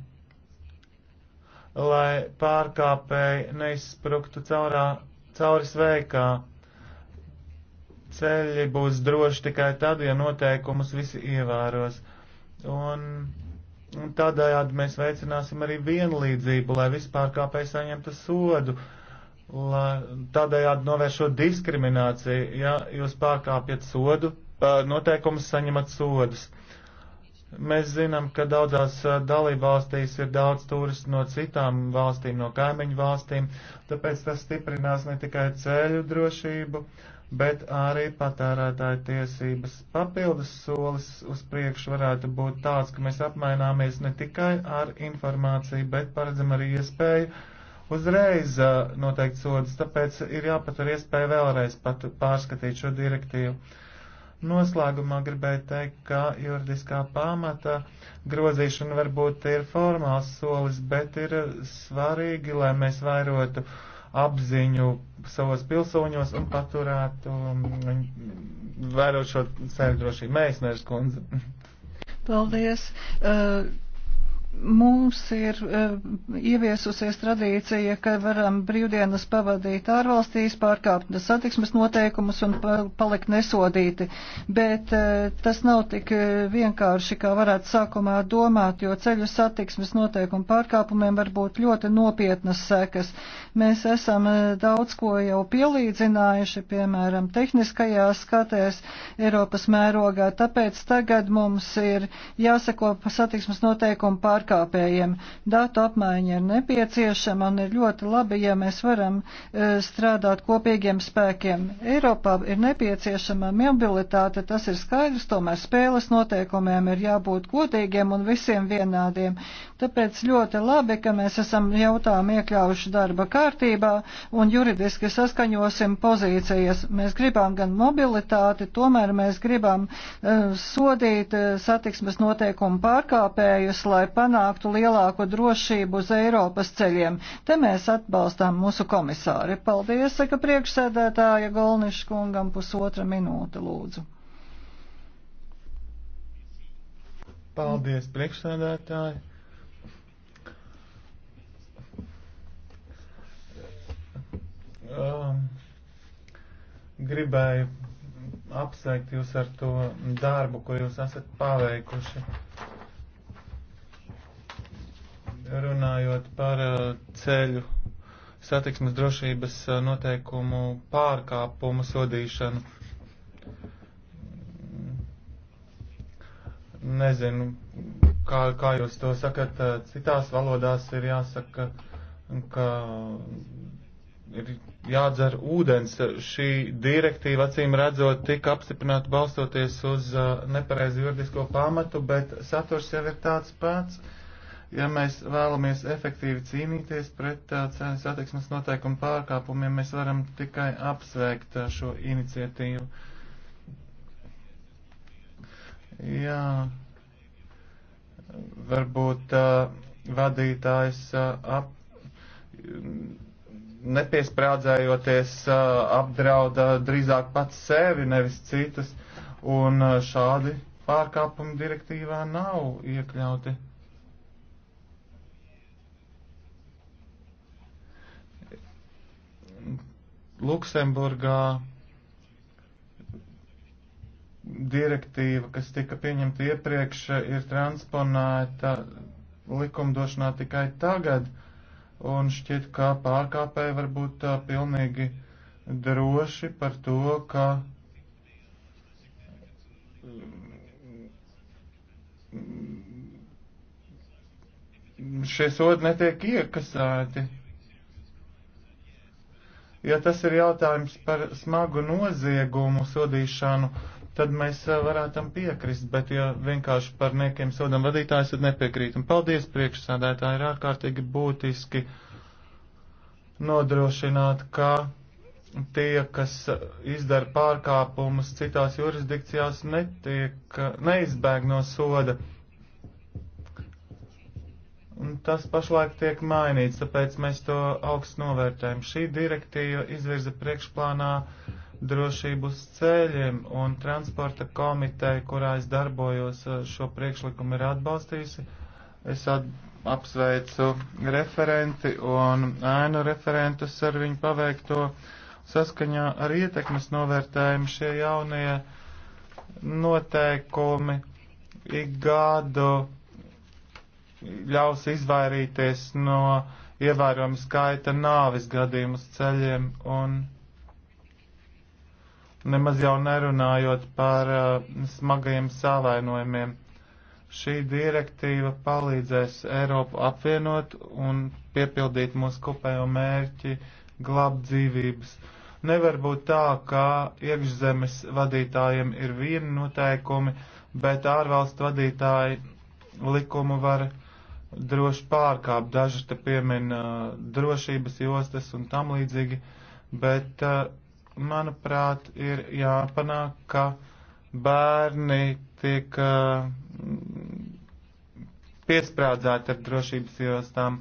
lai pārkāpēji neizspruktu caurā, cauri sveikā Ceļi būs droši tikai tad, ja noteikumus visi ievēros. Un, un tādējādi mēs veicināsim arī vienlīdzību, lai vispār kāpēc saņemtu sodu. Lai, tādējādi novēršot diskrimināciju, ja jūs pārkāpjat sodu, noteikumus saņemat sodus. Mēs zinām, ka daudzās eh, dalībvalstīs ir daudz turistu no citām valstīm, no kaimiņu valstīm, tāpēc tas stiprinās ne tikai ceļu drošību, uh, bet arī patērētāju tiesības. Papildus solis uz priekšu varētu būt tāds, ka mēs apmaināmies ne tikai ar informāciju, bet paredzam arī iespēju uzreiz noteikt sodus, tāpēc ir jāpatur iespēja vēlreiz pat pārskatīt šo direktīvu. Noslēgumā gribēju teikt, ka juridiskā pamata grozīšana varbūt ir formāls solis, bet ir svarīgi, lai mēs vairotu uh, apziņu savos pilsoņos un paturētu um, vērot šo ceļu drošību. Mēs, Nērs Kundze. Paldies. Uh... Mums ir uh, ieviesusies tradīcija, ka varam brīvdienas pavadīt ārvalstīs, pārkāpt satiksmes noteikumus un palikt nesodīti, bet uh, tas nav tik vienkārši, kā varētu sākumā domāt, jo ceļu satiksmes noteikumu pārkāpumiem var būt ļoti nopietnas sekas. Mēs esam uh, daudz ko jau pielīdzinājuši, piemēram, tehniskajās skatēs Eiropas mērogā, tāpēc tagad mums ir jāsako satiksmes noteikumu pārkāpumiem pārkāpējiem. Datu apmaiņa ir nepieciešama un ir ļoti labi, ja mēs varam e, strādāt kopīgiem spēkiem. Eiropā ir nepieciešama mobilitāte, tas ir skaidrs, tomēr spēles noteikumiem ir jābūt godīgiem un visiem vienādiem. Tāpēc ļoti labi, ka mēs esam jautājumu iekļaujuši darba kārtībā un juridiski saskaņosim pozīcijas. Mēs gribam gan mobilitāti, tomēr mēs gribam uh, sodīt uh, satiksmes noteikumu pārkāpējus, lai panāktu panāktu lielāku drošību uz Eiropas ceļiem. Te mēs atbalstām mūsu komisāri. Paldies, saka priekšsēdētāja Golniša kungam pusotra minūte lūdzu. Paldies, priekšsēdētāji. Um, gribēju apsveikt jūs ar to darbu, ko jūs esat paveikuši runājot par uh, ceļu satiksmes drošības uh, noteikumu pārkāpumu sodīšanu. Nezinu, kā, kā jūs to sakat, uh, citās valodās ir jāsaka, ka ir jādzer ūdens. Šī direktīva acīm redzot tika apstiprināta balstoties uz nepareizu juridisko pamatu, bet saturs jau ir tāds pats. Uh, Ja mēs vēlamies efektīvi cīnīties pret uh, cenas attieksmes noteikumu pārkāpumiem, mēs varam tikai apsveikt uh, šo iniciatīvu. Jā, varbūt uh, vadītājs uh, ap, nepiesprādzējoties uh, apdrauda drīzāk pats sevi, nevis citus, un uh, šādi pārkāpumi direktīvā nav iekļauti. Luksemburgā direktīva, kas tika pieņemta iepriekš, ir transponēta likumdošanā tikai tagad, un šķiet, ka pārkāpēji var būt tā pilnīgi droši par to, ka mm, šie sodi netiek iekasēti. Ja tas ir jautājums par smagu noziegumu sodīšanu, tad mēs eh, varētu piekrist, bet ja vienkārši par niekiem sodam vadītājs, tad nepiekrītam. Paldies, priekšsādētāji, ir ārkārtīgi būtiski nodrošināt, ka tie, kas izdara pārkāpumus citās jurisdikcijās, netiek, neizbēg no soda. Tas pašlaik tiek mainīts, tāpēc mēs to augstu novērtējam. Šī direktīva izvirza priekšplānā drošību uz ceļiem, un transporta komiteja, kurā es darbojos, eh, šo priekšlikumu ir atbalstījusi. Es at apsveicu referenti un ēnu referentus ar viņu paveikto saskaņā ar ietekmes novērtējumu šie jaunie noteikumi ik gadu ļaus izvairīties no ievērojama skaita nāvis gadījumus ceļiem un nemaz jau nerunājot par uh, smagajiem savainojumiem. Šī direktīva palīdzēs Eiropu apvienot un piepildīt mūsu kopējo mērķi glābt dzīvības. Nevar būt tā, ka iekšzemes vadītājiem ir vieni noteikumi, bet ārvalstu vadītāji likumu var droši pārkāpt. Daži te piemin uh, drošības jostas un tam līdzīgi, bet, uh, manuprāt, ir jāpanāk, ka bērni tiek uh, piesprādzēti ar drošības jostām.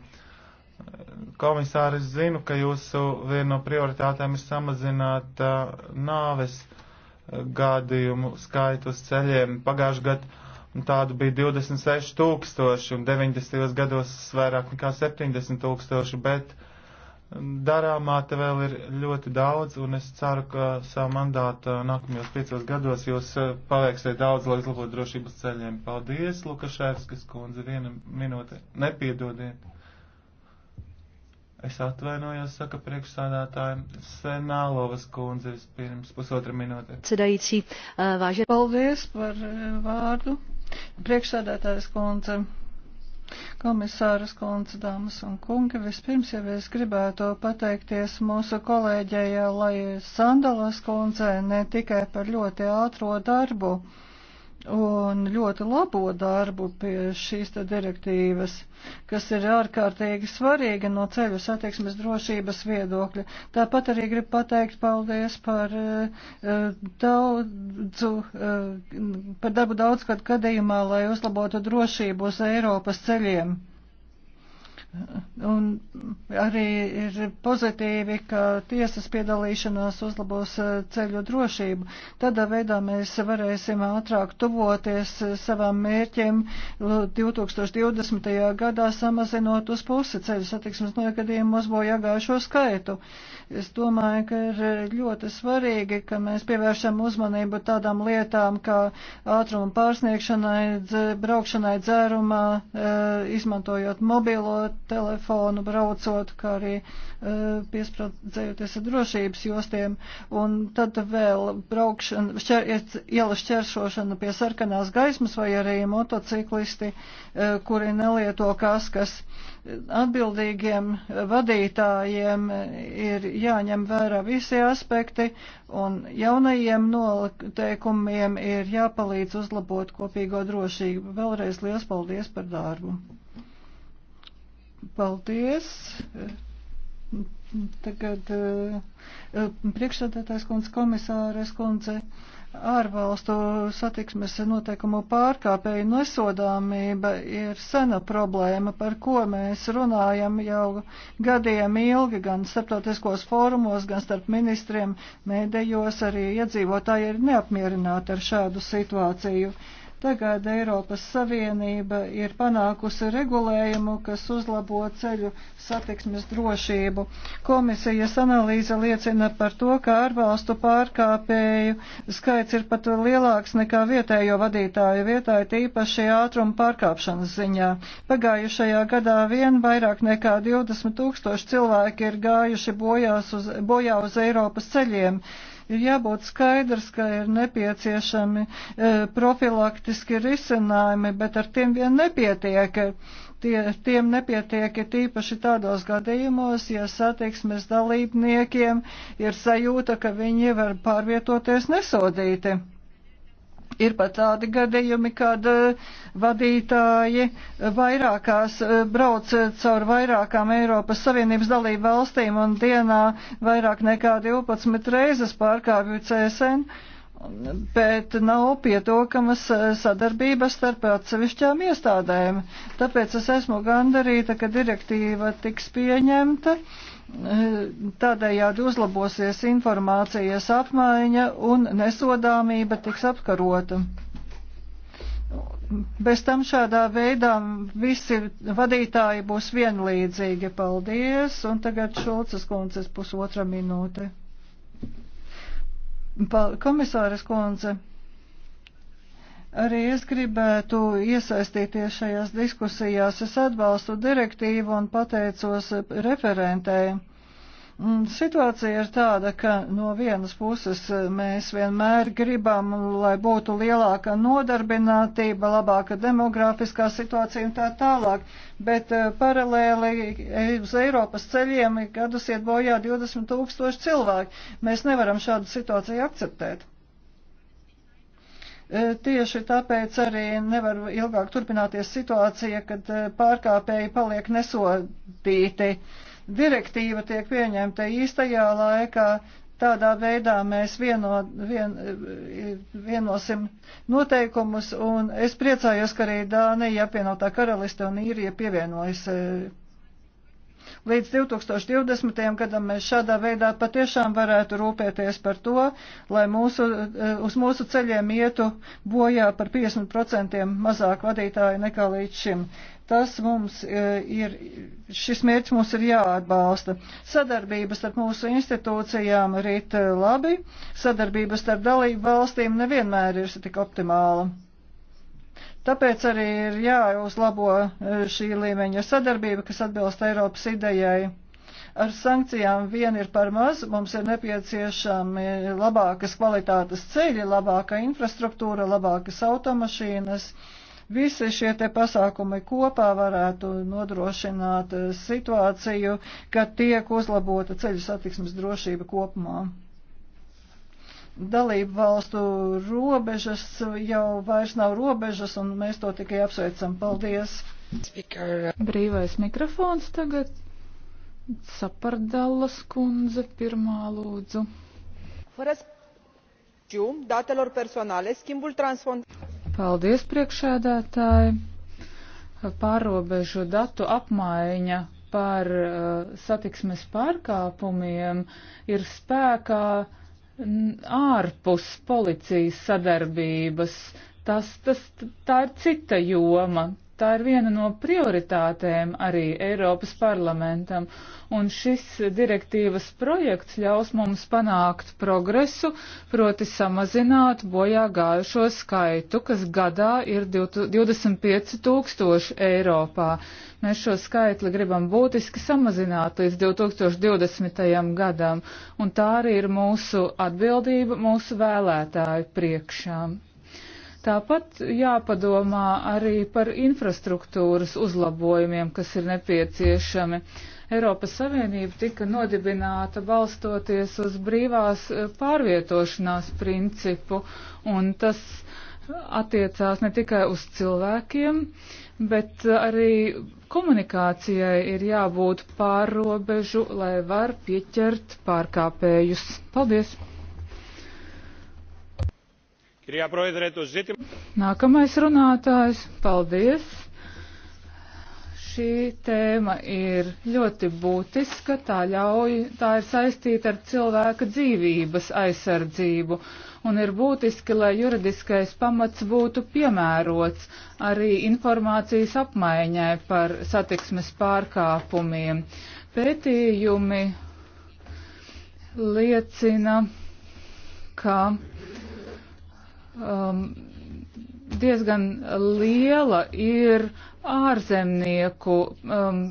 Komisāris, zinu, ka jūsu viena no prioritātēm ir samazināt uh, nāves uh, gadījumu skaitu uz ceļiem. Pagājuši gadu Tādu bija 26 tūkstoši un 90. gados vairāk nekā 70 tūkstoši, bet um, darāmā te vēl ir ļoti daudz un es ceru, ka savu mandātu uh, nākamajos piecos gados jūs uh, paveiksiet daudz, lai uzlabotu drošības ceļiem. Paldies, Lukaševskas kundze, viena minūte. Nepiedodiet. Es atvainojos, saka priekšsādātājiem, Senālovas kundze vispirms pusotra minūte. Cedaicī, uh, vāžē. Paldies par vārdu. Priekšsēdētājs kundze, komisāras kundze, dāmas un kungi, vispirms jau es gribētu pateikties mūsu kolēģējai Lai Sandalas kundzei ne tikai par ļoti ātro darbu, un ļoti labo darbu pie šīs te direktīvas, kas ir ārkārtīgi svarīga no ceļu satiksmes drošības viedokļa. Tāpat arī gribu pateikt paldies par, eh, daudzu, eh, par darbu daudzgad gadījumā, lai uzlabotu drošību uz Eiropas ceļiem. Un arī ir pozitīvi, ka tiesas piedalīšanās uzlabos e, ceļu drošību. Tādā veidā mēs varēsim ātrāk tuvoties e, savam mērķim 2020. gadā samazinot uz pusi ceļu satiksmes nogadījumus bojagājušo skaitu. Es domāju, ka ir ļoti svarīgi, ka mēs pievēršam uzmanību tādām lietām, kā ātruma pārsniegšanai, braukšanai dzērumā, e, izmantojot mobilot telefonu braucot, kā arī e, piesprādzējoties ar drošības jostiem, un tad vēl braukšana, šķer, ielas šķēršošana pie sarkanās gaismas vai arī motociklisti, e, kuri nelieto kaskas. Atbildīgiem vadītājiem ir jāņem vērā visi aspekti, un jaunajiem noteikumiem ir jāpalīdz uzlabot kopīgo drošību. Vēlreiz liels paldies par darbu! Paldies. Tagad eh, eh, priekšsēdētājs kundze, komisāres kundze, ārvalstu satiksmes noteikumu pārkāpēju nesodāmība ir sena problēma, par ko mēs runājam jau gadiem ilgi, gan starptautiskos fórumos, gan starp ministriem, mēdējos arī iedzīvotāji ir neapmierināti ar šādu situāciju. Uh, Tagad Eiropas Savienība ir panākusi regulējumu, kas uzlabo ceļu satiksmes drošību. Komisijas analīze liecina par to, ka ārvalstu pārkāpēju skaits ir pat lielāks nekā vietējo vadītāju vietāju tīpaši ātruma pārkāpšanas ziņā. Pagājušajā gadā vien vairāk nekā 20 tūkstoši cilvēki ir gājuši bojās uz, bojā uz Eiropas ceļiem. Ir jābūt skaidrs, ka ir nepieciešami e, profilaktiski risinājumi, bet ar tiem vien nepietiek tie, tiem nepietiek ir tīpaši tādos gadījumos, ja satiksmes dalībniekiem ir sajūta, ka viņi var pārvietoties nesodīti. Ir pat tādi gadījumi, kad eh, vadītāji eh, vairākās eh, brauc caur vairākām Eiropas Savienības dalību valstīm un dienā vairāk nekā 12 reizes pārkāpju CSN, bet nav pietokamas sadarbības starp atsevišķām iestādēm. Tāpēc es esmu gandarīta, ka direktīva tiks pieņemta. Uh, Tādējādi uzlabosies informācijas apmaiņa un nesodāmība tiks apkarota. Bez tam šādā veidā visi vadītāji būs vienlīdzīgi. Paldies! Un tagad Šulces kundzes pusotra minūte. Komisāres kundze. Arī es gribētu iesaistīties šajās diskusijās. Es atbalstu direktīvu un pateicos referentēji. Mm, situācija ir tāda, ka no vienas puses mēs vienmēr gribam, lai būtu lielāka nodarbinātība, labāka demografiskā situācija un tā tālāk, bet eh, paralēli uz Eiropas ceļiem gadus iet bojā 20 tūkstoši cilvēki. Mēs nevaram šādu situāciju akceptēt. E, tieši tāpēc arī nevar ilgāk turpināties situācija, kad e, pārkāpēji paliek nesodīti. Direktīva tiek pieņemta īstajā laikā, Tādā veidā mēs vieno, vien, e, vienosim noteikumus, un es priecājos, ka arī Dānija, apvienotā karaliste un īrija pievienojas Līdz 2020. gadam mēs šādā veidā patiešām varētu rūpēties par to, lai mūsu, eh, uz mūsu ceļiem ietu bojā par 50% mazāk vadītāju nekā līdz šim. Tas mums eh, ir, šis mērķis mums ir jāatbalsta. Sadarbības starp mūsu institūcijām rīt eh, labi, sadarbības starp dalību valstīm nevienmēr ir tik optimāla. Tāpēc arī ir jāuzlabo e, šī līmeņa sadarbība, kas atbilst Eiropas idejai. Ar sankcijām vien ir par maz, mums ir nepieciešami labākas kvalitātes ceļi, labāka infrastruktūra, labākas automašīnas. Visi šie te pasākumi kopā varētu nodrošināt e, situāciju, kad tiek uzlabota ceļu satiksmes drošība kopumā dalību valstu robežas jau vairs nav robežas, un mēs to tikai apsveicam. Paldies! Speaker. Brīvais mikrofons tagad. Sapardalas kundze pirmā lūdzu. Paldies, priekšēdētāji! Pārobežu datu apmaiņa par uh, satiksmes pārkāpumiem ir spēkā ārpus policijas sadarbības. Tas, tas, tā ir cita joma, Tā ir viena no prioritātēm arī Eiropas parlamentam, un šis direktīvas projekts ļaus mums panākt progresu, proti samazināt bojā gājušo skaitu, kas gadā ir 25 tūkstoši Eiropā. Mēs šo skaitli gribam būtiski samazināt līdz 2020. gadam, un tā arī ir mūsu atbildība mūsu vēlētāju priekšām. Tāpat jāpadomā arī par infrastruktūras uzlabojumiem, kas ir nepieciešami. Eiropas Savienība tika nodibināta balstoties uz brīvās e, pārvietošanās principu, un tas attiecās ne tikai uz cilvēkiem, bet arī komunikācijai ir jābūt pārrobežu, lai var pieķert pārkāpējus. Paldies! Nākamais runātājs, paldies. Šī tēma ir ļoti būtiska, tā ļauj, tā ir saistīta ar cilvēka dzīvības aizsardzību un ir būtiski, lai juridiskais pamats būtu piemērots arī informācijas apmaiņai par satiksmes pārkāpumiem. Pētījumi liecina, ka um, diezgan liela ir ārzemnieku um,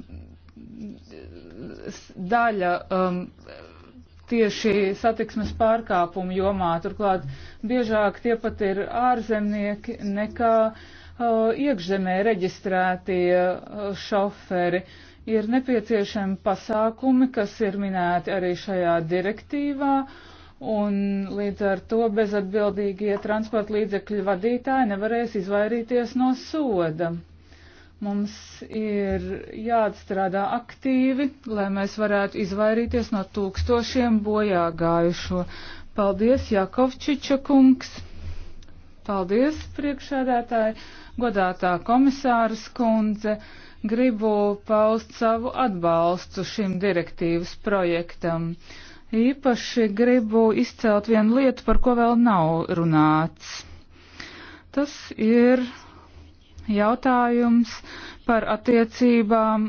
daļa um, tieši satiksmes pārkāpumu jomā. Turklāt biežāk tie pat ir ārzemnieki nekā uh, iekšzemē reģistrētie uh, šoferi. Ir nepieciešami pasākumi, kas ir minēti arī šajā direktīvā un līdz ar to bezatbildīgie transporta līdzekļu vadītāji nevarēs izvairīties no soda. Mums ir jāatstrādā aktīvi, lai mēs varētu izvairīties no tūkstošiem bojā gājušo. Paldies, Jakovčiča kungs! Paldies, priekšādātāji, godātā komisāras kundze! Gribu paust savu atbalstu šim direktīvas projektam. Uh, Īpaši gribu izcelt vienu lietu, par ko vēl nav runāts. Tas ir jautājums par attiecībām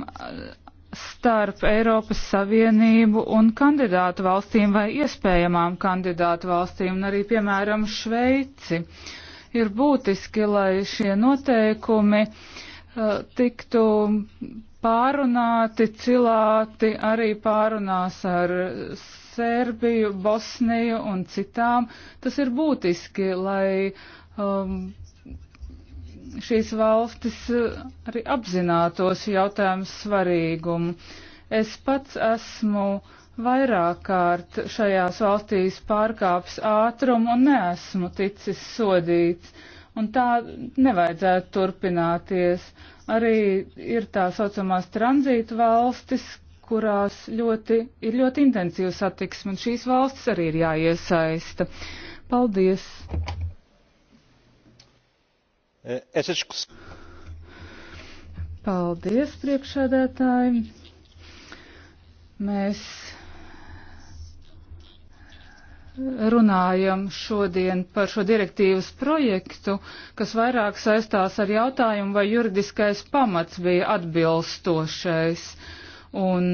starp Eiropas Savienību un kandidātu valstīm vai iespējamām kandidātu valstīm un arī, piemēram, Šveici. Ir būtiski, lai šie noteikumi uh, tiktu pārunāti, cilāti, arī pārunās ar Sērbiju, Bosniju un citām. Tas ir būtiski, lai um, šīs valstis arī apzinātos jautājumu svarīgumu. Es pats esmu vairāk kārt šajās valstīs pārkāps ātrumu un neesmu ticis sodīts. Un tā nevajadzētu turpināties. Arī ir tā saucamās tranzītu valstis, kurās ļoti, ir ļoti intensīva satiksme, un šīs valstis arī ir jāiesaista. Paldies! Eh, Paldies, priekšsēdētāji! Mēs runājam šodien par šo direktīvas projektu, kas vairāk saistās ar jautājumu, vai juridiskais pamats bija atbilstošais. Uh, Un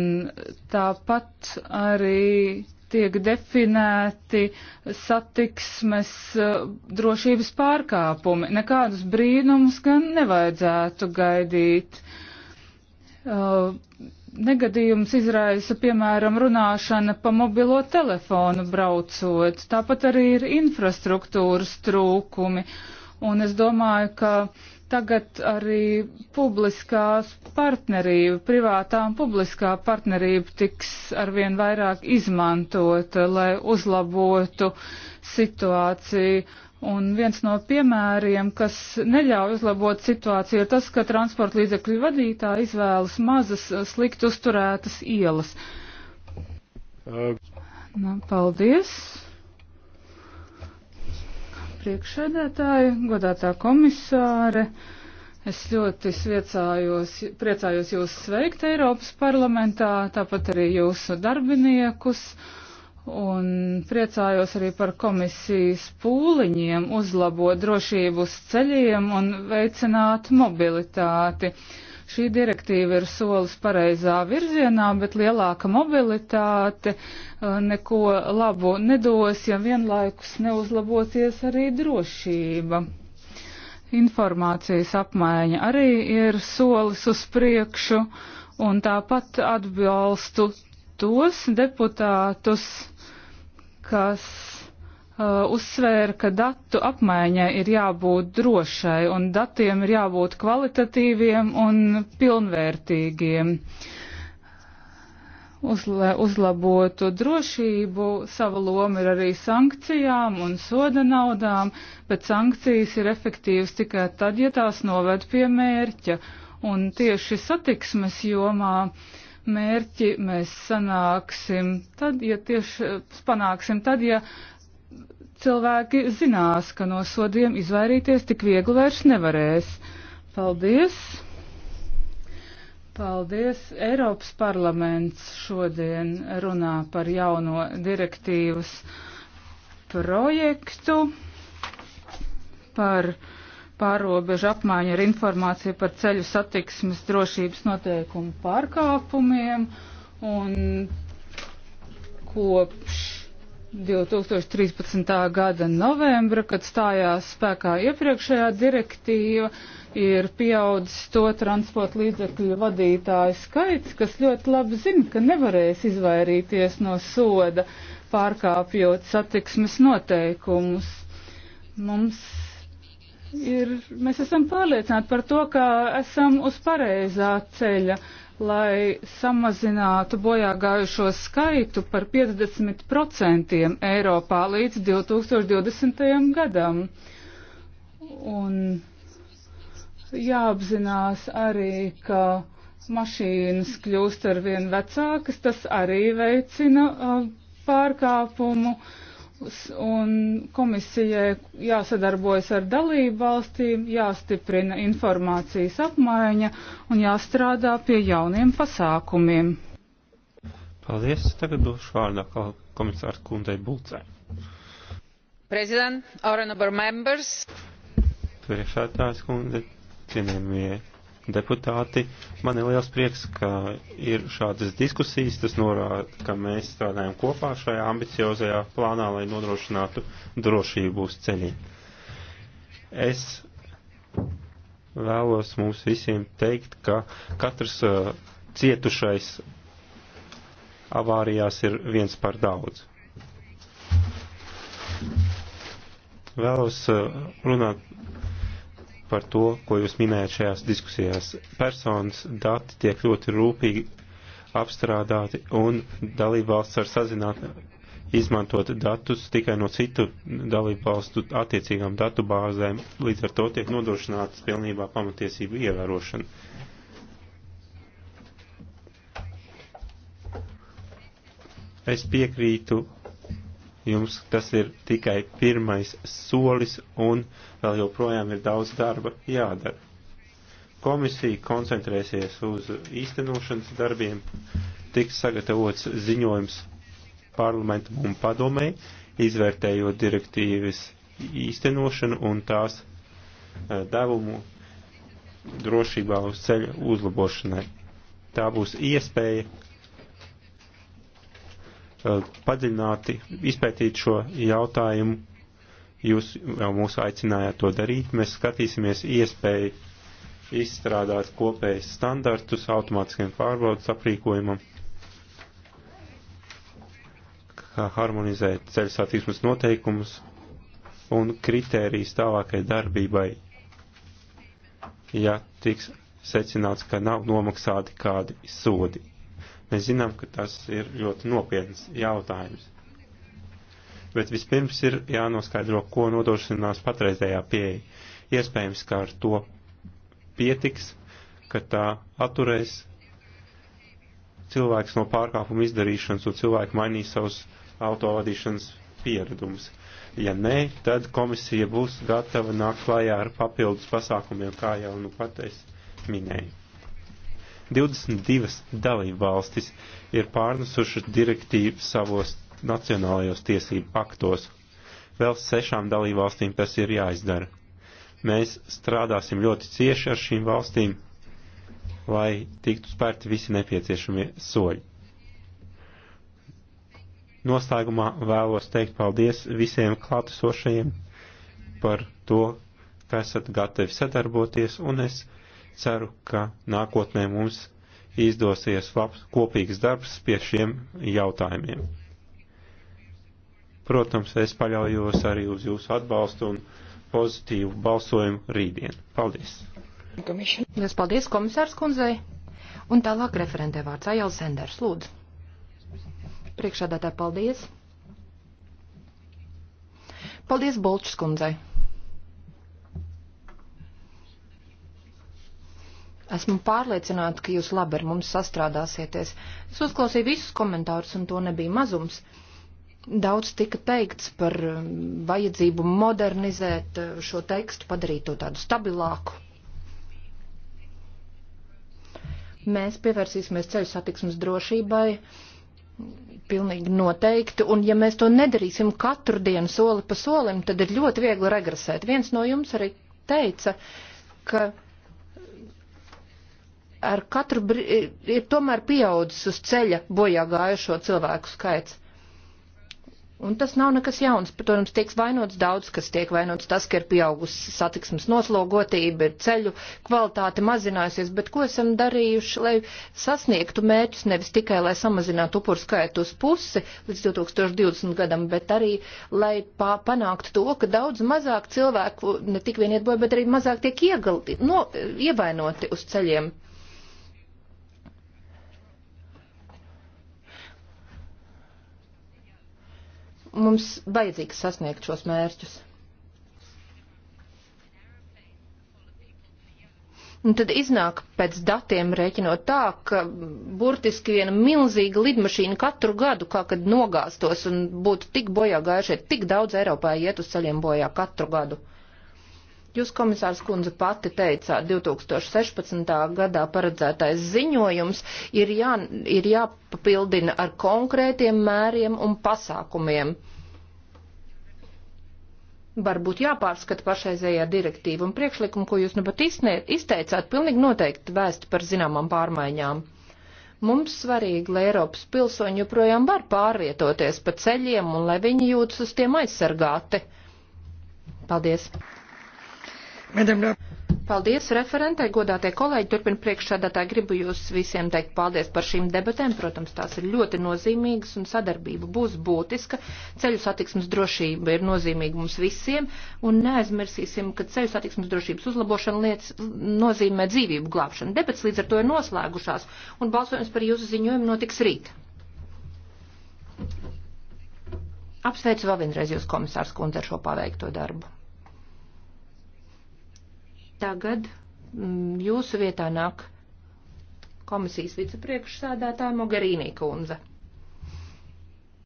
tāpat arī tiek definēti satiksmes e, drošības pārkāpumi. Nekādus brīnumus gan nevajadzētu gaidīt. E, Negadījums izraisa, piemēram, runāšana pa mobilo telefonu braucot. Tāpat arī ir infrastruktūras trūkumi. Un es domāju, ka Tagad arī publiskās partnerība, privātā un publiskā partnerība tiks arvien vairāk izmantota, lai uzlabotu situāciju. Un viens no piemēriem, kas neļauj uzlabot situāciju, ir tas, ka transporta līdzekļu vadītāji izvēlas mazas, slikt uzturētas ielas. Uh. Nu, paldies! priekšsēdētāji, godātā komisāre. Es ļoti sviecājos, priecājos jūs sveikt Eiropas parlamentā, tāpat arī jūsu darbiniekus. Un priecājos arī par komisijas pūliņiem uzlabot drošību uz ceļiem un veicināt mobilitāti. Uh, Šī direktīva ir solis pareizā virzienā, bet lielāka mobilitāte uh, neko labu nedos, ja vienlaikus neuzlabosies arī drošība. Informācijas apmaiņa arī ir solis uz priekšu, un tāpat atbalstu tos deputātus, kas Uh, uzsvēra, ka datu apmaiņai ir jābūt drošai un datiem ir jābūt kvalitatīviem un pilnvērtīgiem. Uzla, uzlabotu drošību savu lomu ir arī sankcijām un soda naudām, bet sankcijas ir efektīvas tikai tad, ja tās noved pie mērķa. Un tieši satiksmes jomā uh, mērķi mēs sanāksim tad, ja tieši panāksim tad, ja cilvēki zinās, ka no sodiem izvairīties tik viegli vairs nevarēs. Paldies! Paldies! Eiropas parlaments šodien runā par jauno direktīvas projektu par pārobežu apmaiņu ar informāciju par ceļu satiksmes drošības noteikumu pārkāpumiem un kopš 2013. gada novembra, kad stājās spēkā iepriekšējā direktīva, ir pieaudzis to transporta līdzekļu vadītāju skaits, kas ļoti labi zina, ka nevarēs izvairīties no soda, pārkāpjot satiksmes noteikumus. Mums ir, mēs esam pārliecināti par to, ka esam uz pareizā ceļa lai samazinātu bojāgājušo skaitu par 50% Eiropā līdz 2020. gadam. Un jāapzinās arī, ka mašīnas kļūst ar vien vecākas, tas arī veicina uh, pārkāpumu uh, un komisijai jāsadarbojas ar dalību valstīm, jāstiprina informācijas apmaiņa un jāstrādā pie jauniem pasākumiem. Paldies. Tagad došu vārdu atkal komisārs kundzei Bulcē. President, honorable members. Priekšētājs kundze, cienījamie deputāti. Man ir liels prieks, ka ir šādas diskusijas. Tas norāda, ka mēs strādājam kopā šajā ambiciozajā plānā, lai nodrošinātu drošību uz ceļiem. Es vēlos mums visiem teikt, ka katrs uh, cietušais avārijās ir viens par daudz. Vēlos uh, runāt par to, ko jūs minējat šajās diskusijās. Personas dati tiek ļoti rūpīgi apstrādāti un dalība valsts var sazināt, izmantot datus tikai no citu dalību valstu attiecīgām datu bāzēm, līdz ar to tiek nodrošināts pilnībā pamatiesību ievērošana. Es piekrītu Jums tas ir tikai pirmais solis un vēl joprojām ir daudz darba jādara. Komisija koncentrēsies uz īstenošanas darbiem, tiks sagatavots ziņojums parlamentam un padomē, izvērtējot direktīvas īstenošanu un tās eh, devumu drošībā uz ceļa uzlabošanai. Tā būs iespēja Uh, padziļināti izpētīt šo jautājumu. Jūs jau mūs aicinājāt to darīt. Mēs skatīsimies iespēju izstrādāt kopējas standartus automātiskiem pārbaudas aprīkojumam, kā harmonizēt ceļu satiksmes noteikumus un kritērijas tālākai darbībai, ja tiks secināts, ka nav nomaksāti kādi sodi. Mēs zinām, ka tas ir ļoti nopietns jautājums. Bet vispirms ir jānoskaidro, ko nodrošinās patreizējā pieeja. Iespējams, ka ar to pietiks, ka tā atturēs cilvēks no pārkāpuma izdarīšanas un cilvēki mainīs savus autovadīšanas pieredumus. Ja nē, tad komisija būs gatava nākt klājā ar papildus pasākumiem, kā jau nu pateicis minēju. 22 dalību valstis ir pārnesušas direktīvu savos nacionālajos tiesību aktos. Vēl sešām dalību valstīm tas ir jāizdara. Mēs strādāsim ļoti cieši ar šīm valstīm, lai tiktu spērti visi nepieciešamie soļi. Noslēgumā vēlos teikt paldies visiem klātesošajiem par to, ka esat gatavi sadarboties, un es ceru, ka nākotnē mums izdosies labs kopīgs darbs pie šiem jautājumiem. Protams, es paļaujos arī uz jūsu atbalstu un pozitīvu balsojumu rītdien. Paldies! Liels paldies komisārs kundzei! Un tālāk referentē vārds Ajāls Senders, lūdzu. Priekšādātā paldies! Paldies Bolčs kundzei! Esmu pārliecināta, ka jūs labi ar mums sastrādāsieties. Es uzklausīju visus komentārus, un to nebija mazums. Daudz tika teikts par um, vajadzību modernizēt uh, šo tekstu, padarīt to tādu stabilāku. Mēs pievērsīsimies ceļu satiksmes drošībai pilnīgi noteikti, un ja mēs to nedarīsim katru dienu soli pa solim, tad ir ļoti viegli regresēt. Viens no jums arī teica, ka ar katru brīdi ir tomēr pieaudzis uz ceļa bojā gājušo cilvēku skaits. Un tas nav nekas jauns. Protams, tiek vainots daudz, kas tiek vainots tas, ka ir pieaugusi satiksmes noslogotība, ir ceļu kvalitāte mazinājusies, bet ko esam darījuši, lai sasniegtu mērķus nevis tikai, lai samazinātu upuru skaitu uz pusi līdz 2020 gadam, bet arī, lai pā, panāktu to, ka daudz mazāk cilvēku ne tik vien iet bojā, bet arī mazāk tiek iegalti, no, ievainoti uz ceļiem. Mums vajadzīgs sasniegt šos mērķus. Un tad iznāk pēc datiem rēķinot tā, ka burtiski viena milzīga lidmašīna katru gadu, kā kad nogāstos un būtu tik bojā gājušie, tik daudz Eiropā iet uz ceļiem bojā katru gadu. Uh, Jūs, komisārs kundze, pati teicāt, 2016. gadā paredzētais ziņojums ir, jā, ir jāpapildina ar konkrētiem mēriem un pasākumiem. Varbūt jāpārskata pašreizējā direktīva un priekšlikuma, ko jūs nu pat izteicāt, pilnīgi noteikti vēst par zināmām pārmaiņām. Mums svarīgi, lai Eiropas pilsoņi joprojām var pārvietoties pa ceļiem un lai viņi jūtas uz tiem aizsargāti. Paldies! Paldies referentai, godātie kolēģi, turpina priekšsādātāji, gribu jūs visiem teikt paldies par šīm debatēm, protams, tās ir ļoti nozīmīgas un sadarbība būs būtiska, ceļu satiksmes drošība ir nozīmīga mums visiem un neaizmirsīsim, ka ceļu satiksmes drošības uzlabošana lietas nozīmē dzīvību glābšanu. Debats līdz ar to ir noslēgušās un balsojums par jūsu ziņojumu notiks rīt. Apsveicu vēl vienreiz jūs komisārs kundze ar šo paveikto darbu. Tagad mm, jūsu vietā nāk komisijas vicepriekšsādātāja Mogherīnī kundze.